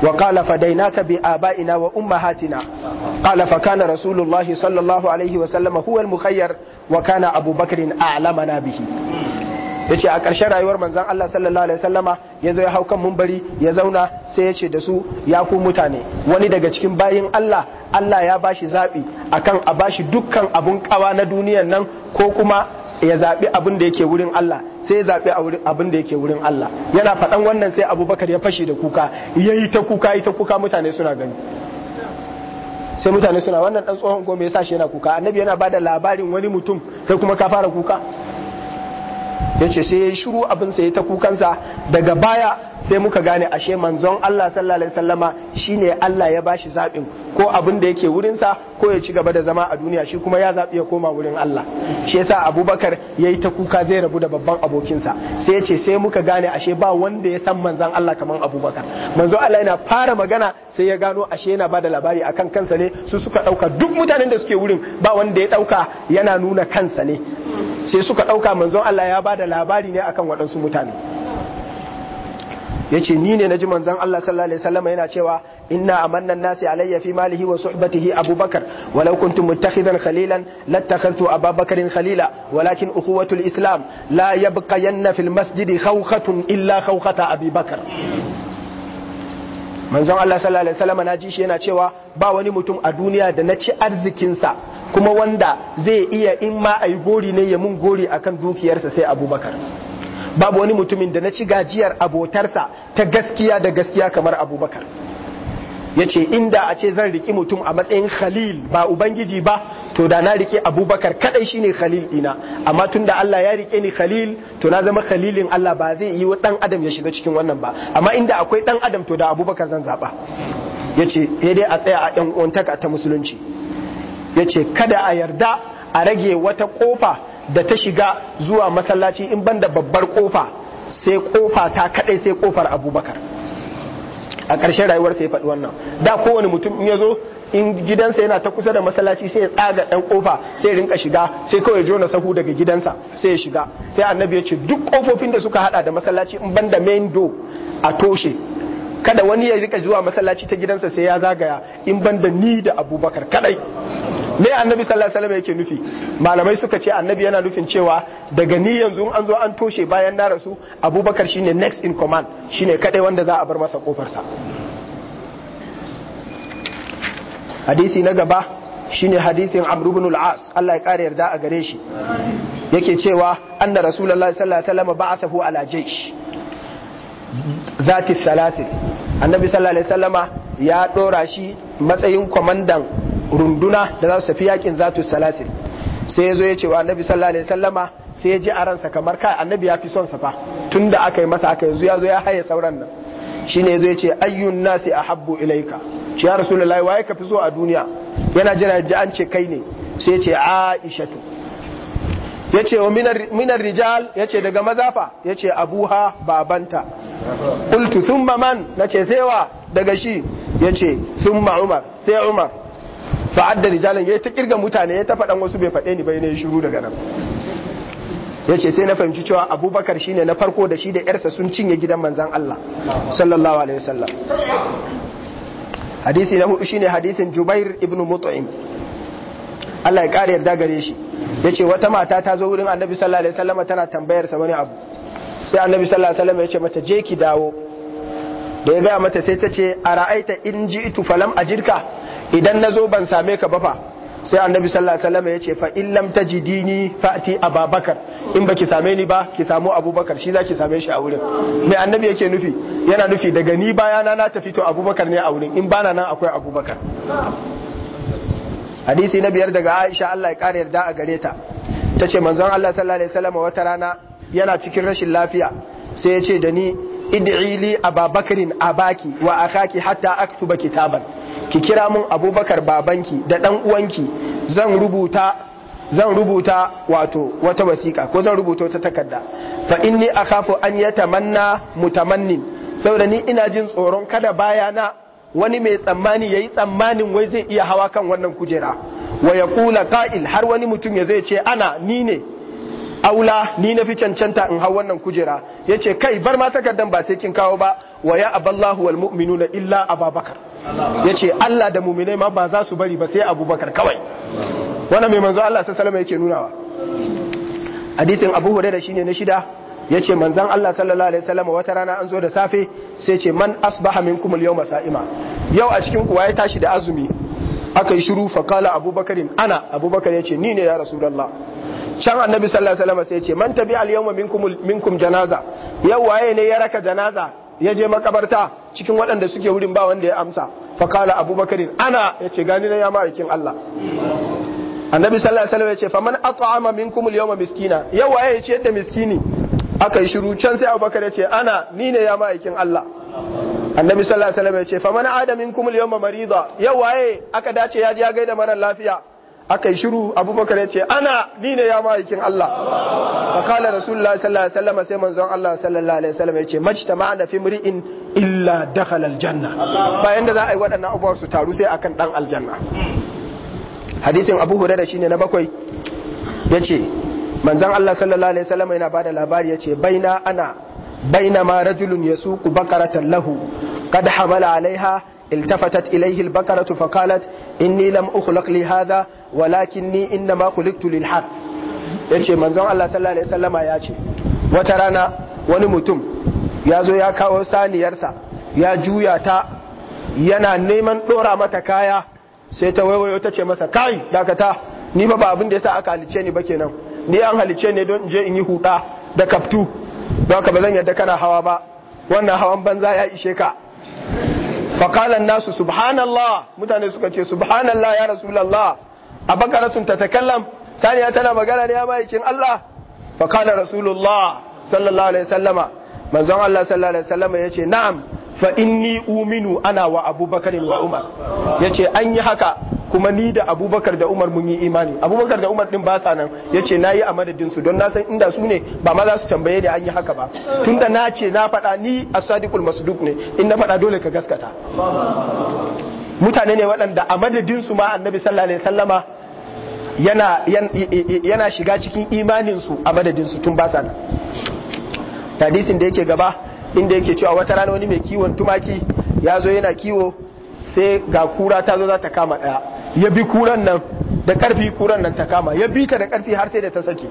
Speaker 1: wa qala fadainaka bi abaina wa ummahatina qala fa kana rasulullah sallallahu alaihi wa sallam huwa al-mukhayyar wa kana Abu Bakr a'lamana bihi yace a ƙarshen rayuwar manzan Allah sallallahu alaihi wasallama zo ya hau kan mumbari ya zauna sai ya ce da su ya ku mutane wani daga cikin bayin Allah Allah ya bashi zabi akan a bashi dukkan abun kawa na duniyan nan ko kuma ya zaɓi abin da yake wurin Allah sai ya zaɓi abin da yake wurin Allah yana faɗan wannan sai Abubakar ya fashe da kuka ya yi ta kuka yi ta kuka mutane suna gani sai mutane suna wannan ɗan tsohon goma ya sa shi yana kuka annabi yana bada labarin wani mutum kai kuma ka fara kuka ya ce sai ya yi shuru abinsa ya ta kukansa daga baya sai muka gane ashe manzon Allah sallallahu alaihi wasallama ne Allah ya bashi zaɓin ko abin da yake sa ko ya ci gaba da zama a duniya shi kuma ya zaɓi ya koma wurin Allah shi yasa Abubakar ya yi ta kuka zai rabu da babban abokinsa sai ya ce sai muka gane ashe ba wanda ya san manzon Allah kamar Abubakar manzon Allah yana fara magana sai ya gano ashe yana ba da labari akan kansa ne su suka ɗauka duk mutanen da suke wurin ba wanda ya ɗauka yana nuna kansa ne sai suka ɗauka manzon Allah ya ba da labari ne akan waɗansu mutane yace ni ne naji manzon Allah sallallahu alaihi wasallam yana cewa inna amanna nasi alayya fi malihi wa suhbatihi abubakar walau kuntum muttakhidan khalilan lattakhadhtu ababakarin khalila walakin ukhuwatu islam la yabqayanna fil masjidi khawkhatun illa khawkhata abubakar manzon Allah sallallahu alaihi wasallam na ji shi yana cewa ba wani mutum a duniya da na ci arzikinsa kuma wanda zai iya in ma ayi gori ne ya mun gori akan dukiyarsa sai Abubakar babu wani mutumin da na ci gajiyar abotarsa ta gaskiya da gaskiya kamar Abubakar ya ce inda a ce zan riki mutum a matsayin khalil ba ubangiji ba to da na rike abubakar kadai shine khalil dina amma tun da Allah ya rike ni khalil to na zama khalilin Allah ba zai yi dan adam ya shiga cikin wannan ba amma inda akwai dan adam to da abubakar zan zaba ya ce dai a tsaya a yan uwantaka ta musulunci ya ce kada a yarda a rage wata kofa da ta shiga zuwa masallaci in banda babbar kofa sai kofa ta kadai sai kofar abubakar a ƙarshen rayuwarsa ya faɗi wannan da kowane mutum in ya zo in gidansa yana ta kusa da masallaci sai ya tsaga ɗan ƙofa sai rinka shiga sai kawai jona sahu daga gidansa sai ya shiga sai annabi ya ce duk ƙofofin da suka haɗa da masallaci in banda main do a toshe kada wani ya rika zuwa masallaci ta gidansa sai ya zagaya in banda ni da abubakar kadai me annabi sallallahu alaihi yake nufi malamai suka ce annabi yana nufin cewa daga ni yanzu an zo an toshe bayan na rasu abubakar shine next in command shine kadai wanda za a bar masa kofarsa hadisi na gaba shine hadisin amr ibn al-as Allah ya kare yarda a gare shi yake cewa anna rasulullahi sallallahu alaihi wasallam ba'athahu ala jaysh zati salasil annabi sallallahu alaihi wasallama ya dora shi matsayin kwamandan runduna da za su tafi yakin zatu salasil sai ya zo ya ce wa annabi sallallahu alaihi wasallama sai ya ji a ransa kamar kai annabi ya fi son sa fa tunda aka yi masa aka yanzu ya zo ya haye sauran nan shine ya zo ya ce ayyun nasi ahabbu ilaika shi ya rasulullahi waye ka fi so a duniya yana jira ji an ce kai ne sai ya ce Aisha aishatu ya ce minar rijal ya ce daga mazafa ya ce abuha babanta kultu sun man na ce sai wa daga shi ya ce sun umar sai umar fa'adda adda ya yayi ta kirga mutane ya ta faɗan wasu bai faɗe ni bai ne shiru daga nan yace sai na fahimci cewa abubakar shine na farko da shi da yarsa sun cinye gidan manzan Allah sallallahu alaihi wasallam hadisi na hudu shine hadisin jubair ibn mut'im Allah ya kare yarda gare shi yace wata mata ta zo wurin annabi sallallahu alaihi wasallam tana tambayar sa wani abu sai annabi sallallahu alaihi wasallam yace mata je ki dawo da ya gaya mata sai ta ce a ra'aita in ji'tu falam ajirka idan na zo ban same ka ba fa sai annabi sallallahu alaihi wasallam ya ce fa in lam tajidini fa'ti ababakar in baki same ni ba ki samu abubakar shi zaki same shi a wurin mai annabi yake nufi yana nufi daga ni bayana na tafi to abubakar ne a wurin in bana nan akwai abubakar hadisi na biyar daga Aisha Allah ya kare yarda a gare ta tace manzon Allah sallallahu alaihi wasallam wata rana yana cikin rashin lafiya sai ya ce da ni id'ili ababakarin abaki wa akhaki hatta aktuba kitaban ki kira mun abubakar babanki da ɗan uwanki zan rubuta zan rubuta wato wata wasiƙa ko zan rubuta wata takarda fa inni akhafu an yatamanna mutamannin saboda ni ina jin tsoron kada baya na wani mai tsammani yayi tsammanin wai zai iya hawa kan wannan kujera wa yaqula qa'il har wani mutum ya zai ce ana ni ne aula ni na fi cancanta in hau wannan kujera Yace kai bar ma takardan ba sai kin kawo ba wa ya aballahu wal mu'minuna illa ababakar ya ce Allah da muminai ma ba za su bari ba sai abubakar kawai wannan mai manzo Allah sallama yake nunawa hadisin abu da shi ne na shida ya ce manzan Allah sallallahu alaihi wasallama wata rana an zo da safe sai ce man asbaha minkum yawma sa'ima yau a cikin kuwa ya tashi da azumi aka yi shiru fakala abubakarin ana abubakar ya ce ni ne ya rasulullah can annabi sallallahu alaihi wasallama sai ce man tabi al-yawma min kum janaza yau waye ne ya raka janaza ya je makabarta cikin waɗanda suke wurin ba wanda ya amsa fakala abubakarin ana ya ce gani na ya ma'aikin Allah annabi sallallahu alaihi wasallam ya ce man at'ama minkum al-yawma miskina yau waye ya ce yadda miskini aka yi shiru can sai abubakar ya ce ana ni ne ya ma'aikin Allah annabi sallallahu alaihi wasallam ya ce man ada minkum al-yawma marida yau waye aka dace ya ji ya gaida mara lafiya aka yi shiru abubakar ya ce ana ni ne ya ma'aikin Allah kala rasulullah sallallahu alaihi wasallam sai manzon Allah sallallahu alaihi wasallam ya ce majtama na fi mri'in illa dakhala aljanna bayan da za a yi waɗannan abubuwa su taru sai akan dan aljanna hadisin abu hurairah shine na bakwai yace manzon Allah sallallahu alaihi wasallam yana bada labari yace baina ana ma rajulun yasuqu bakaratan lahu qad hamala alaiha التفتت إليه البقرة فقالت إني لم أخلق لهذا ولكني إنما خلقت للحق yace manzon Allah sallallahu ya ce wata rana wani mutum ya zo ya kawo saniyarsa ya juya ta yana neman ɗora mata kaya sai ta waiwayo ta ce masa kai dakata ni fa ba abin da yasa aka halice ni ba kenan ni an halicce ne don in je in yi huda da kaftu don haka ba zan yarda kana hawa ba wannan hawan banza ya ishe ka faƙalan nasu subhanallah mutane suka ce subhanallah ya rasulallah a bakaratun ta saniya tana magana ne ya ma'aikin Allah faƙalan rasulullah sallallahu alaihi sallama manzon Allah sallallahu alaihi sallama ya yace na'am fa inni uminu ana wa abubakar wa umar yace an yi haka kuma ni da abubakar da umar mun yi imani abubakar da umar din ba sa nan ya ce na yi a madadinsu. don na san inda su ne ba ma za su tambaye ni an yi haka ba tunda na ce na faɗa ni a sadiqul masduq ne in na faɗa dole ka gaskata mutane ne waɗanda a madadinsu ma annabi sallallahu alaihi yana yana shiga cikin imaninsu a madadinsu tun ba sa nan hadisin da yake gaba inda yake cewa wata rana wani mai kiwon tumaki ya zo yana kiwo sai ga kura ta zo za ta kama ɗaya ya bi kuran nan da karfi kuran nan ta kama ya bi ta da karfi har sai da ta sake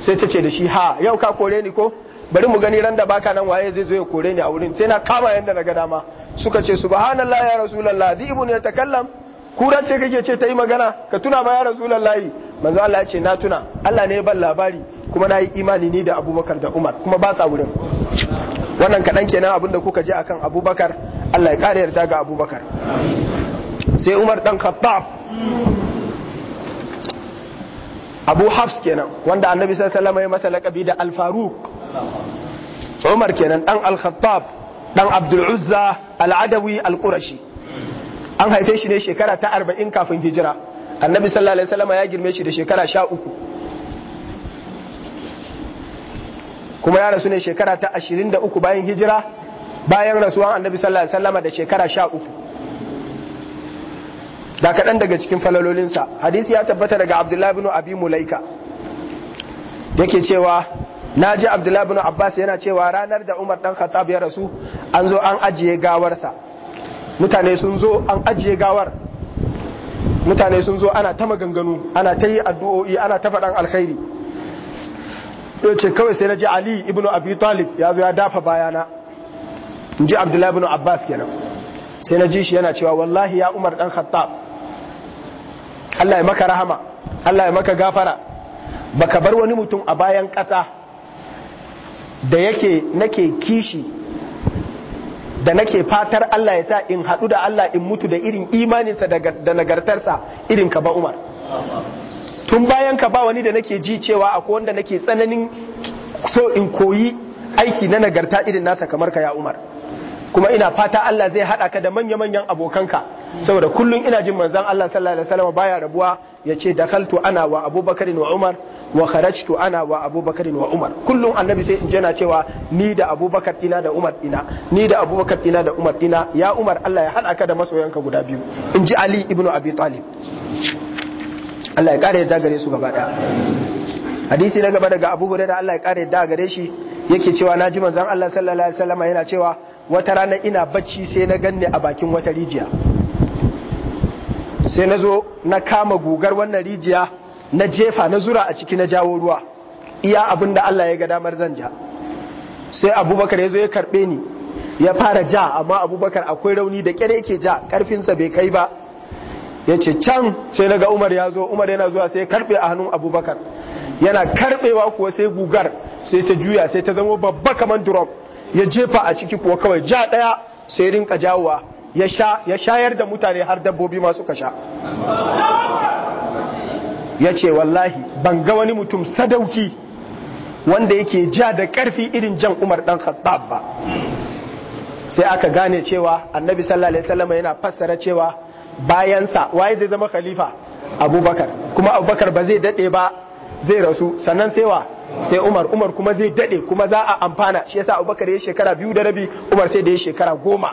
Speaker 1: sai ta ce da shi ha yau ka kore ni ko bari mu gani ran da baka nan waye zai zo ya kore ni a wurin sai na kama yanda na ga dama suka ce subhanallahi ya ibnu ya takallam kuran ce kake ce ta yi magana ka tuna ba ya rasulullahi manzo Allah ya ce na tuna Allah ne ya ban labari kuma na yi imani ni da Abubakar da Umar kuma ba sa wurin wannan kaɗan kenan abin da kuka je akan Abubakar Allah ya ƙara yarda ga Abubakar sai umar dan khattab abu hafs kenan wanda annabi sallallahu alaihi wasallam ya masa laƙabi da al-faruq umar kenan dan al-khattab dan abdul uzza al-adawi al-qurashi an haife shi ne shekara ta 40 kafin hijira annabi sallallahu alaihi wasallam ya girme shi da shekara 13 kuma ya rasu ne shekara ta 23 bayan hijira bayan rasuwan annabi sallallahu alaihi wasallam da shekara 13 da kaɗan daga cikin falalolinsa hadisi ya tabbata daga abdullahi bin abi mulaika yake cewa na ji abdullahi bin abbas yana cewa ranar da umar dan khattab ya rasu an zo an ajiye gawarsa mutane sun zo an ajiye gawar mutane sun zo ana ta maganganu ana ta yi addu'o'i ana ta faɗan alkhairi ya ce kawai sai na ji ali ibn abi talib ya zo ya dafa bayana in ji abdullahi bin abbas kenan sai na ji shi yana cewa wallahi ya umar dan khattab Allah ya maka rahama Allah ya maka gafara baka bar wani mutum a bayan ƙasa da yake nake kishi da nake fatar Allah ya sa in haɗu da Allah in mutu da irin imaninsa da nagartarsa irin ka ba Umar tun bayan ka ba wani da nake ji cewa akwai wanda nake tsananin so in koyi aiki na nagarta irin nasa kamar ka ya Umar kuma ina fata Allah zai haɗa ka da manya-manyan abokanka saboda kullum ina jin manzan Allah sallallahu alaihi wasallam baya rabuwa ya ce dakaltu ana wa abubakar wa umar wa kharajtu ana wa abubakar wa umar kullum annabi sai in jana cewa ni da abubakar ina da umar ina ni da abubakar ina da umar ina ya umar Allah ya haɗa ka da masoyanka guda biyu in ji ali ibnu abi talib Allah ya kare yadda gare su gaba daya hadisi na gaba daga abu hurairah Allah ya kare yadda gare shi yake cewa naji manzan Allah sallallahu alaihi wasallam yana cewa wata rana ina bacci sai na ganne a bakin wata rijiya sai na zo na kama gugar wannan rijiya na jefa na zura a ciki na jawo ruwa iya abin da Allah ya ga damar zan ja sai abubakar ya zo ya karbe ni ya fara ja amma abubakar akwai rauni da kyar yake ja karfinsa bai kai ba ya ce can sai na ga umar ya zo umar yana zuwa sai ya karɓe a hannun abubakar yana karɓewa kuwa sai gugar sai ta juya sai ta zama babba kamar drop ya jefa a ciki kuwa kawai ja ɗaya sai rinka jawowa ya shayar da mutane har dabbobi masu kasha ya ce wallahi ban ga wani mutum sadauki wanda yake ja da ƙarfi irin jan umar ɗan khattab ba sai aka gane cewa annabi sallallahu alaihi wasallam yana fassara cewa bayansa waye zai zama khalifa abubakar kuma abubakar ba zai daɗe ba zai rasu sannan sai wa sai Umar Umar kuma zai dade kuma za a amfana shi yasa Abubakar ya shekara biyu da rabi Umar sai da ya shekara goma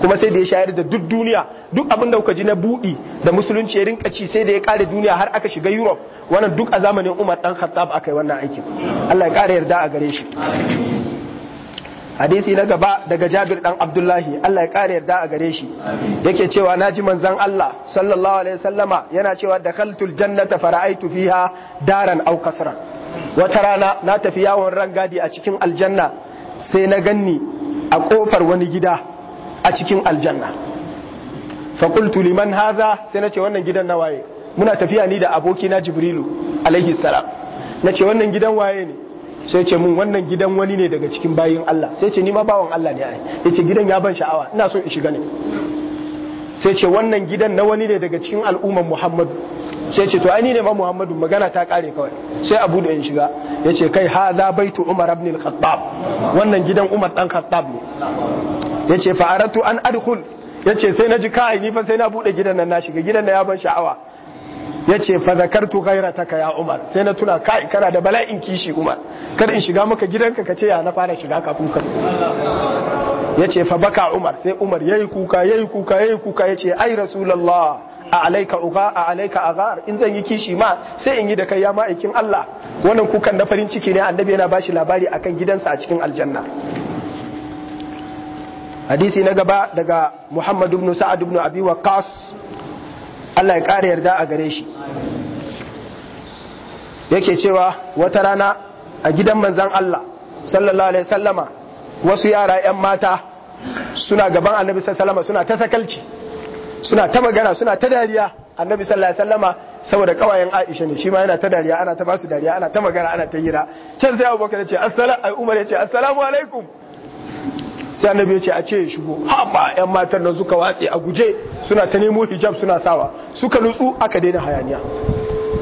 Speaker 1: kuma sai da ya shayar da duk duniya duk abin da kuka ji na budi da musulunci ya rinka ci sai da ya kare duniya har aka shiga Europe wannan duk a zamanin Umar dan Khattab aka yi wannan aikin Allah ya kare yarda a gare shi hadisi na gaba daga Jabir dan Abdullahi Allah ya kare yarda a gare shi yake cewa naji manzon Allah sallallahu alaihi wasallama yana cewa dakhaltul jannata fara'aitu fiha daran aw kasran wata rana na tafi yawon rangadi a cikin aljanna sai na ganni a kofar wani gida a cikin aljanna faƙultu liman haza sai na ce wannan gidan na waye muna tafiya ni da abokina jibrilu alaihi salam na ce wannan gidan waye ne sai ce mun wannan gidan wani ne daga cikin bayin Allah sai ce ni ma bawan Allah ne ya ce gidan ya ban sha'awa ina so in shiga ne sai ce wannan gidan na wani ne daga cikin al'umman Muhammadu sai ce to ai ni ne ma Muhammadu magana ta kare kawai sai Abu da in shiga yace kai hadha baitu Umar ibn al-Khattab wannan gidan Umar dan Khattab ne yace fa aratu an adkhul yace sai naji kai ni fa sai na bude gidan nan na shiga gidan da ya ban sha'awa yace fa zakartu ghairataka ya Umar sai na tuna kai kana da bala'in kishi Umar kar in shiga maka gidanka kace ya na fara shiga kafin ka yace fa baka Umar sai Umar yayi kuka yayi kuka yayi kuka yace ai rasulullah a alaika uga a alaika agar in zan yi kishi ma sai in yi da kai ya ma'aikin Allah wannan kukan na farin ciki ne annabi yana bashi labari akan gidansa a cikin aljanna hadisi na gaba daga Muhammad ibn Sa'ad ibn Abi Waqqas Allah ya kare yarda a gare shi yake cewa wata rana a gidan manzan Allah sallallahu alaihi sallama wasu yara 'yan mata suna gaban annabi sallallahu suna ta sakalci suna ta magana suna ta dariya annabi sallallahu alaihi wasallama saboda kawayen Aisha ne shi ma yana ta dariya ana ta basu dariya ana ta magana ana ta hira can sai Abubakar ya ce assalamu Umar ya ce assalamu alaikum sai annabi ya ce a ce ya shigo haɓa yan matan nan suka watse a guje suna ta nemo hijab suna sawa suka nutsu aka daina hayaniya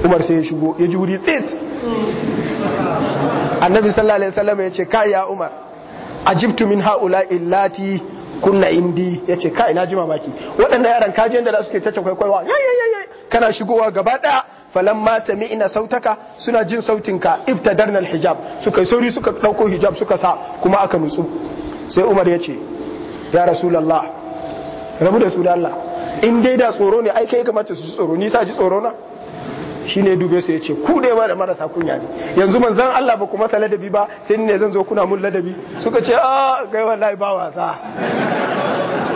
Speaker 1: umar sai ya shigo ya ji wuri tsit annabi sallallahu alaihi wasallama ya ce kai ya umar ajibtu min haula illati kunna indi ya ce kai na ji mamaki waɗanda yaran yadda da suke ta kwaikwaiwa kana shigowa gaba ɗaya falan ma sami ina sautaka suna jin sautinka iftadarnal hijab suka sauri suka ɗauko hijab suka sa kuma aka nutsu sai umar ya ce ya rasulallah rabu da su da Allah in dai da tsoro ne ai kai kamata su tsoro ni sa ji tsoro na shine dube su yace ku dai da marasa kunya ne yanzu manzon Allah ba ku masa ladabi ba sai ne zan zo kuna mun ladabi suka ce a ah, kai wallahi ba wasa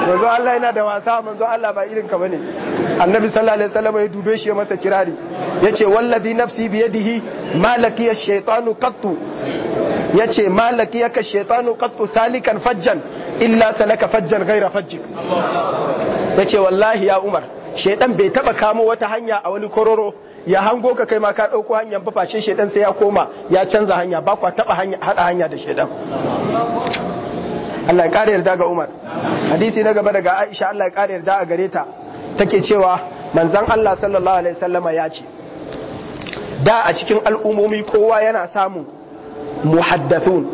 Speaker 1: manzo Allah yana da wasa manzo Allah ba irin ka bane annabi sallallahu alaihi wasallam ya dube shi ya masa kirari yace wallazi nafsi bi yadihi malaki ash-shaytanu qattu yace malaki yaka ash-shaytanu qattu salikan fajjan illa salaka fajjan ghaira fajjik yace wallahi ya umar shaytan bai taba kamo wata hanya a wani kororo ya hango ka kai ma ka ɗauko hanyar bafashe shedan sai ya koma ya canza hanya ba kwa taɓa haɗa hanya da shedan Allah ya ƙara yarda ga Umar hadisi na gaba daga Aisha Allah ya ƙara yarda a gare ta take cewa manzon Allah sallallahu alaihi wasallama ya ce da a cikin al'umomi kowa yana samu muhaddathun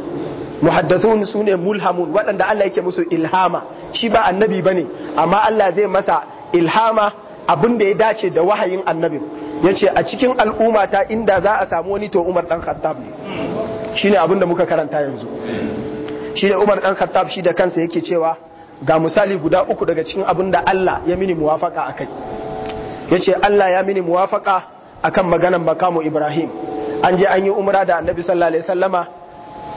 Speaker 1: muhaddathun sune mulhamun waɗanda Allah yake musu ilhama shi ba annabi bane amma Allah zai masa ilhama abin da ya dace da wahayin annabin ya ce a cikin al'ummata inda za a samu wani to Umar dan Khattab ne shi ne da muka karanta yanzu shi Umar dan Khattab shi da kansa yake cewa ga misali guda uku daga cikin abinda da Allah ya mini muwafaka a ya yace Allah ya mini muwafaka a kan maganan makamu Ibrahim an je an yi umra da Annabi sallallahu alaihi wasallama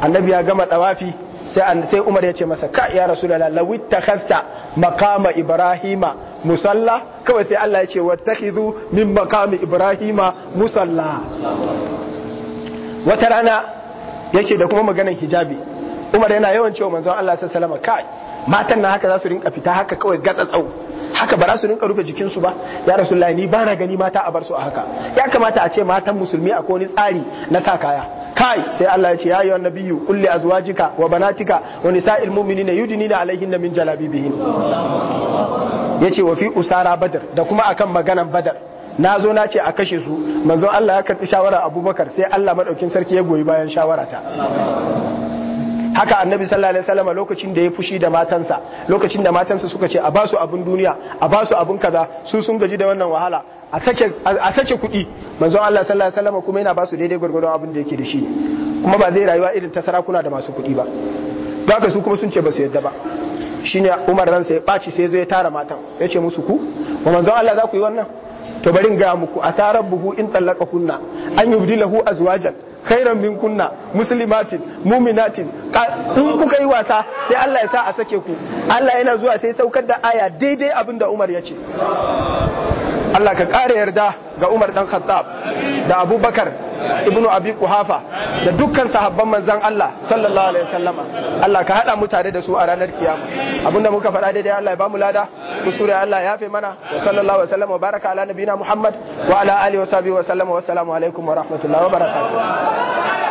Speaker 1: Annabi ya gama dawafi sai sai Umar ya ce masa ka ya rasulullah law ittakhadta maqama ibrahima musalla kawai sai Allah ya ce wattakhidhu min maqami ibrahima musalla wata rana yace da kuma maganar hijabi Umar yana yawan cewa manzon Allah sallallahu alaihi wasallam kai matan na haka za su rinka fita haka kawai gatsatsau haka ba za su rinka rufe jikinsu ba ya rasulullahi ni ba na gani mata a bar su a haka ya kamata a ce matan musulmi akwai wani tsari na sa kaya kai sai Allah ya ce ya ayyuhan nabiyyu qul li azwajika wa banatika wa nisa'il mu'minina yudnina alaihinna min jalabibihin yace wa fi usara badar da kuma akan maganan badar na zo na ce a kashe su manzo Allah ya karɓi shawara Abubakar sai Allah maɗaukin sarki ya goyi bayan shawara ta haka annabi sallallahu alaihi wasallam lokacin da ya fushi da matansa lokacin da matansa suka ce a ba su abin duniya a ba su abin kaza su sun gaji da wannan wahala a sake a sake kuɗi Manzo Allah sallallahu alaihi wasallam kuma yana ba su daidai gwargwadon abin da yake da shi kuma ba zai rayuwa irin ta sarakuna da masu kuɗi ba don haka su kuma sun ce ba su yadda ba shine Umar sai ya baci sai zo ya tara matan yace musu ku wa manzo Allah za ku yi wannan to bari in ga muku asarar buhu in tallaka kunna an yubdilahu azwajan khairan min kunna muslimatin muminatin in kuka yi wasa sai Allah ya sa a sake ku Allah yana zuwa sai saukar da aya daidai abinda Umar ya ce Allah ka ƙara yarda ga Umar dan Khattab da Abubakar ibnu Abi Quhafa da dukkan sahabban manzan Allah sallallahu alaihi wasallama Allah ka haɗa mu tare da su a ranar kiyama abinda muka faɗa daidai Allah ya bamu lada kusure Allah ya yafe mana wa sallallahu alaihi wasallama baraka ala nabina Muhammad wa ala alihi wa sahbihi wa sallama wa assalamu alaikum wa rahmatullahi wa
Speaker 2: barakatuh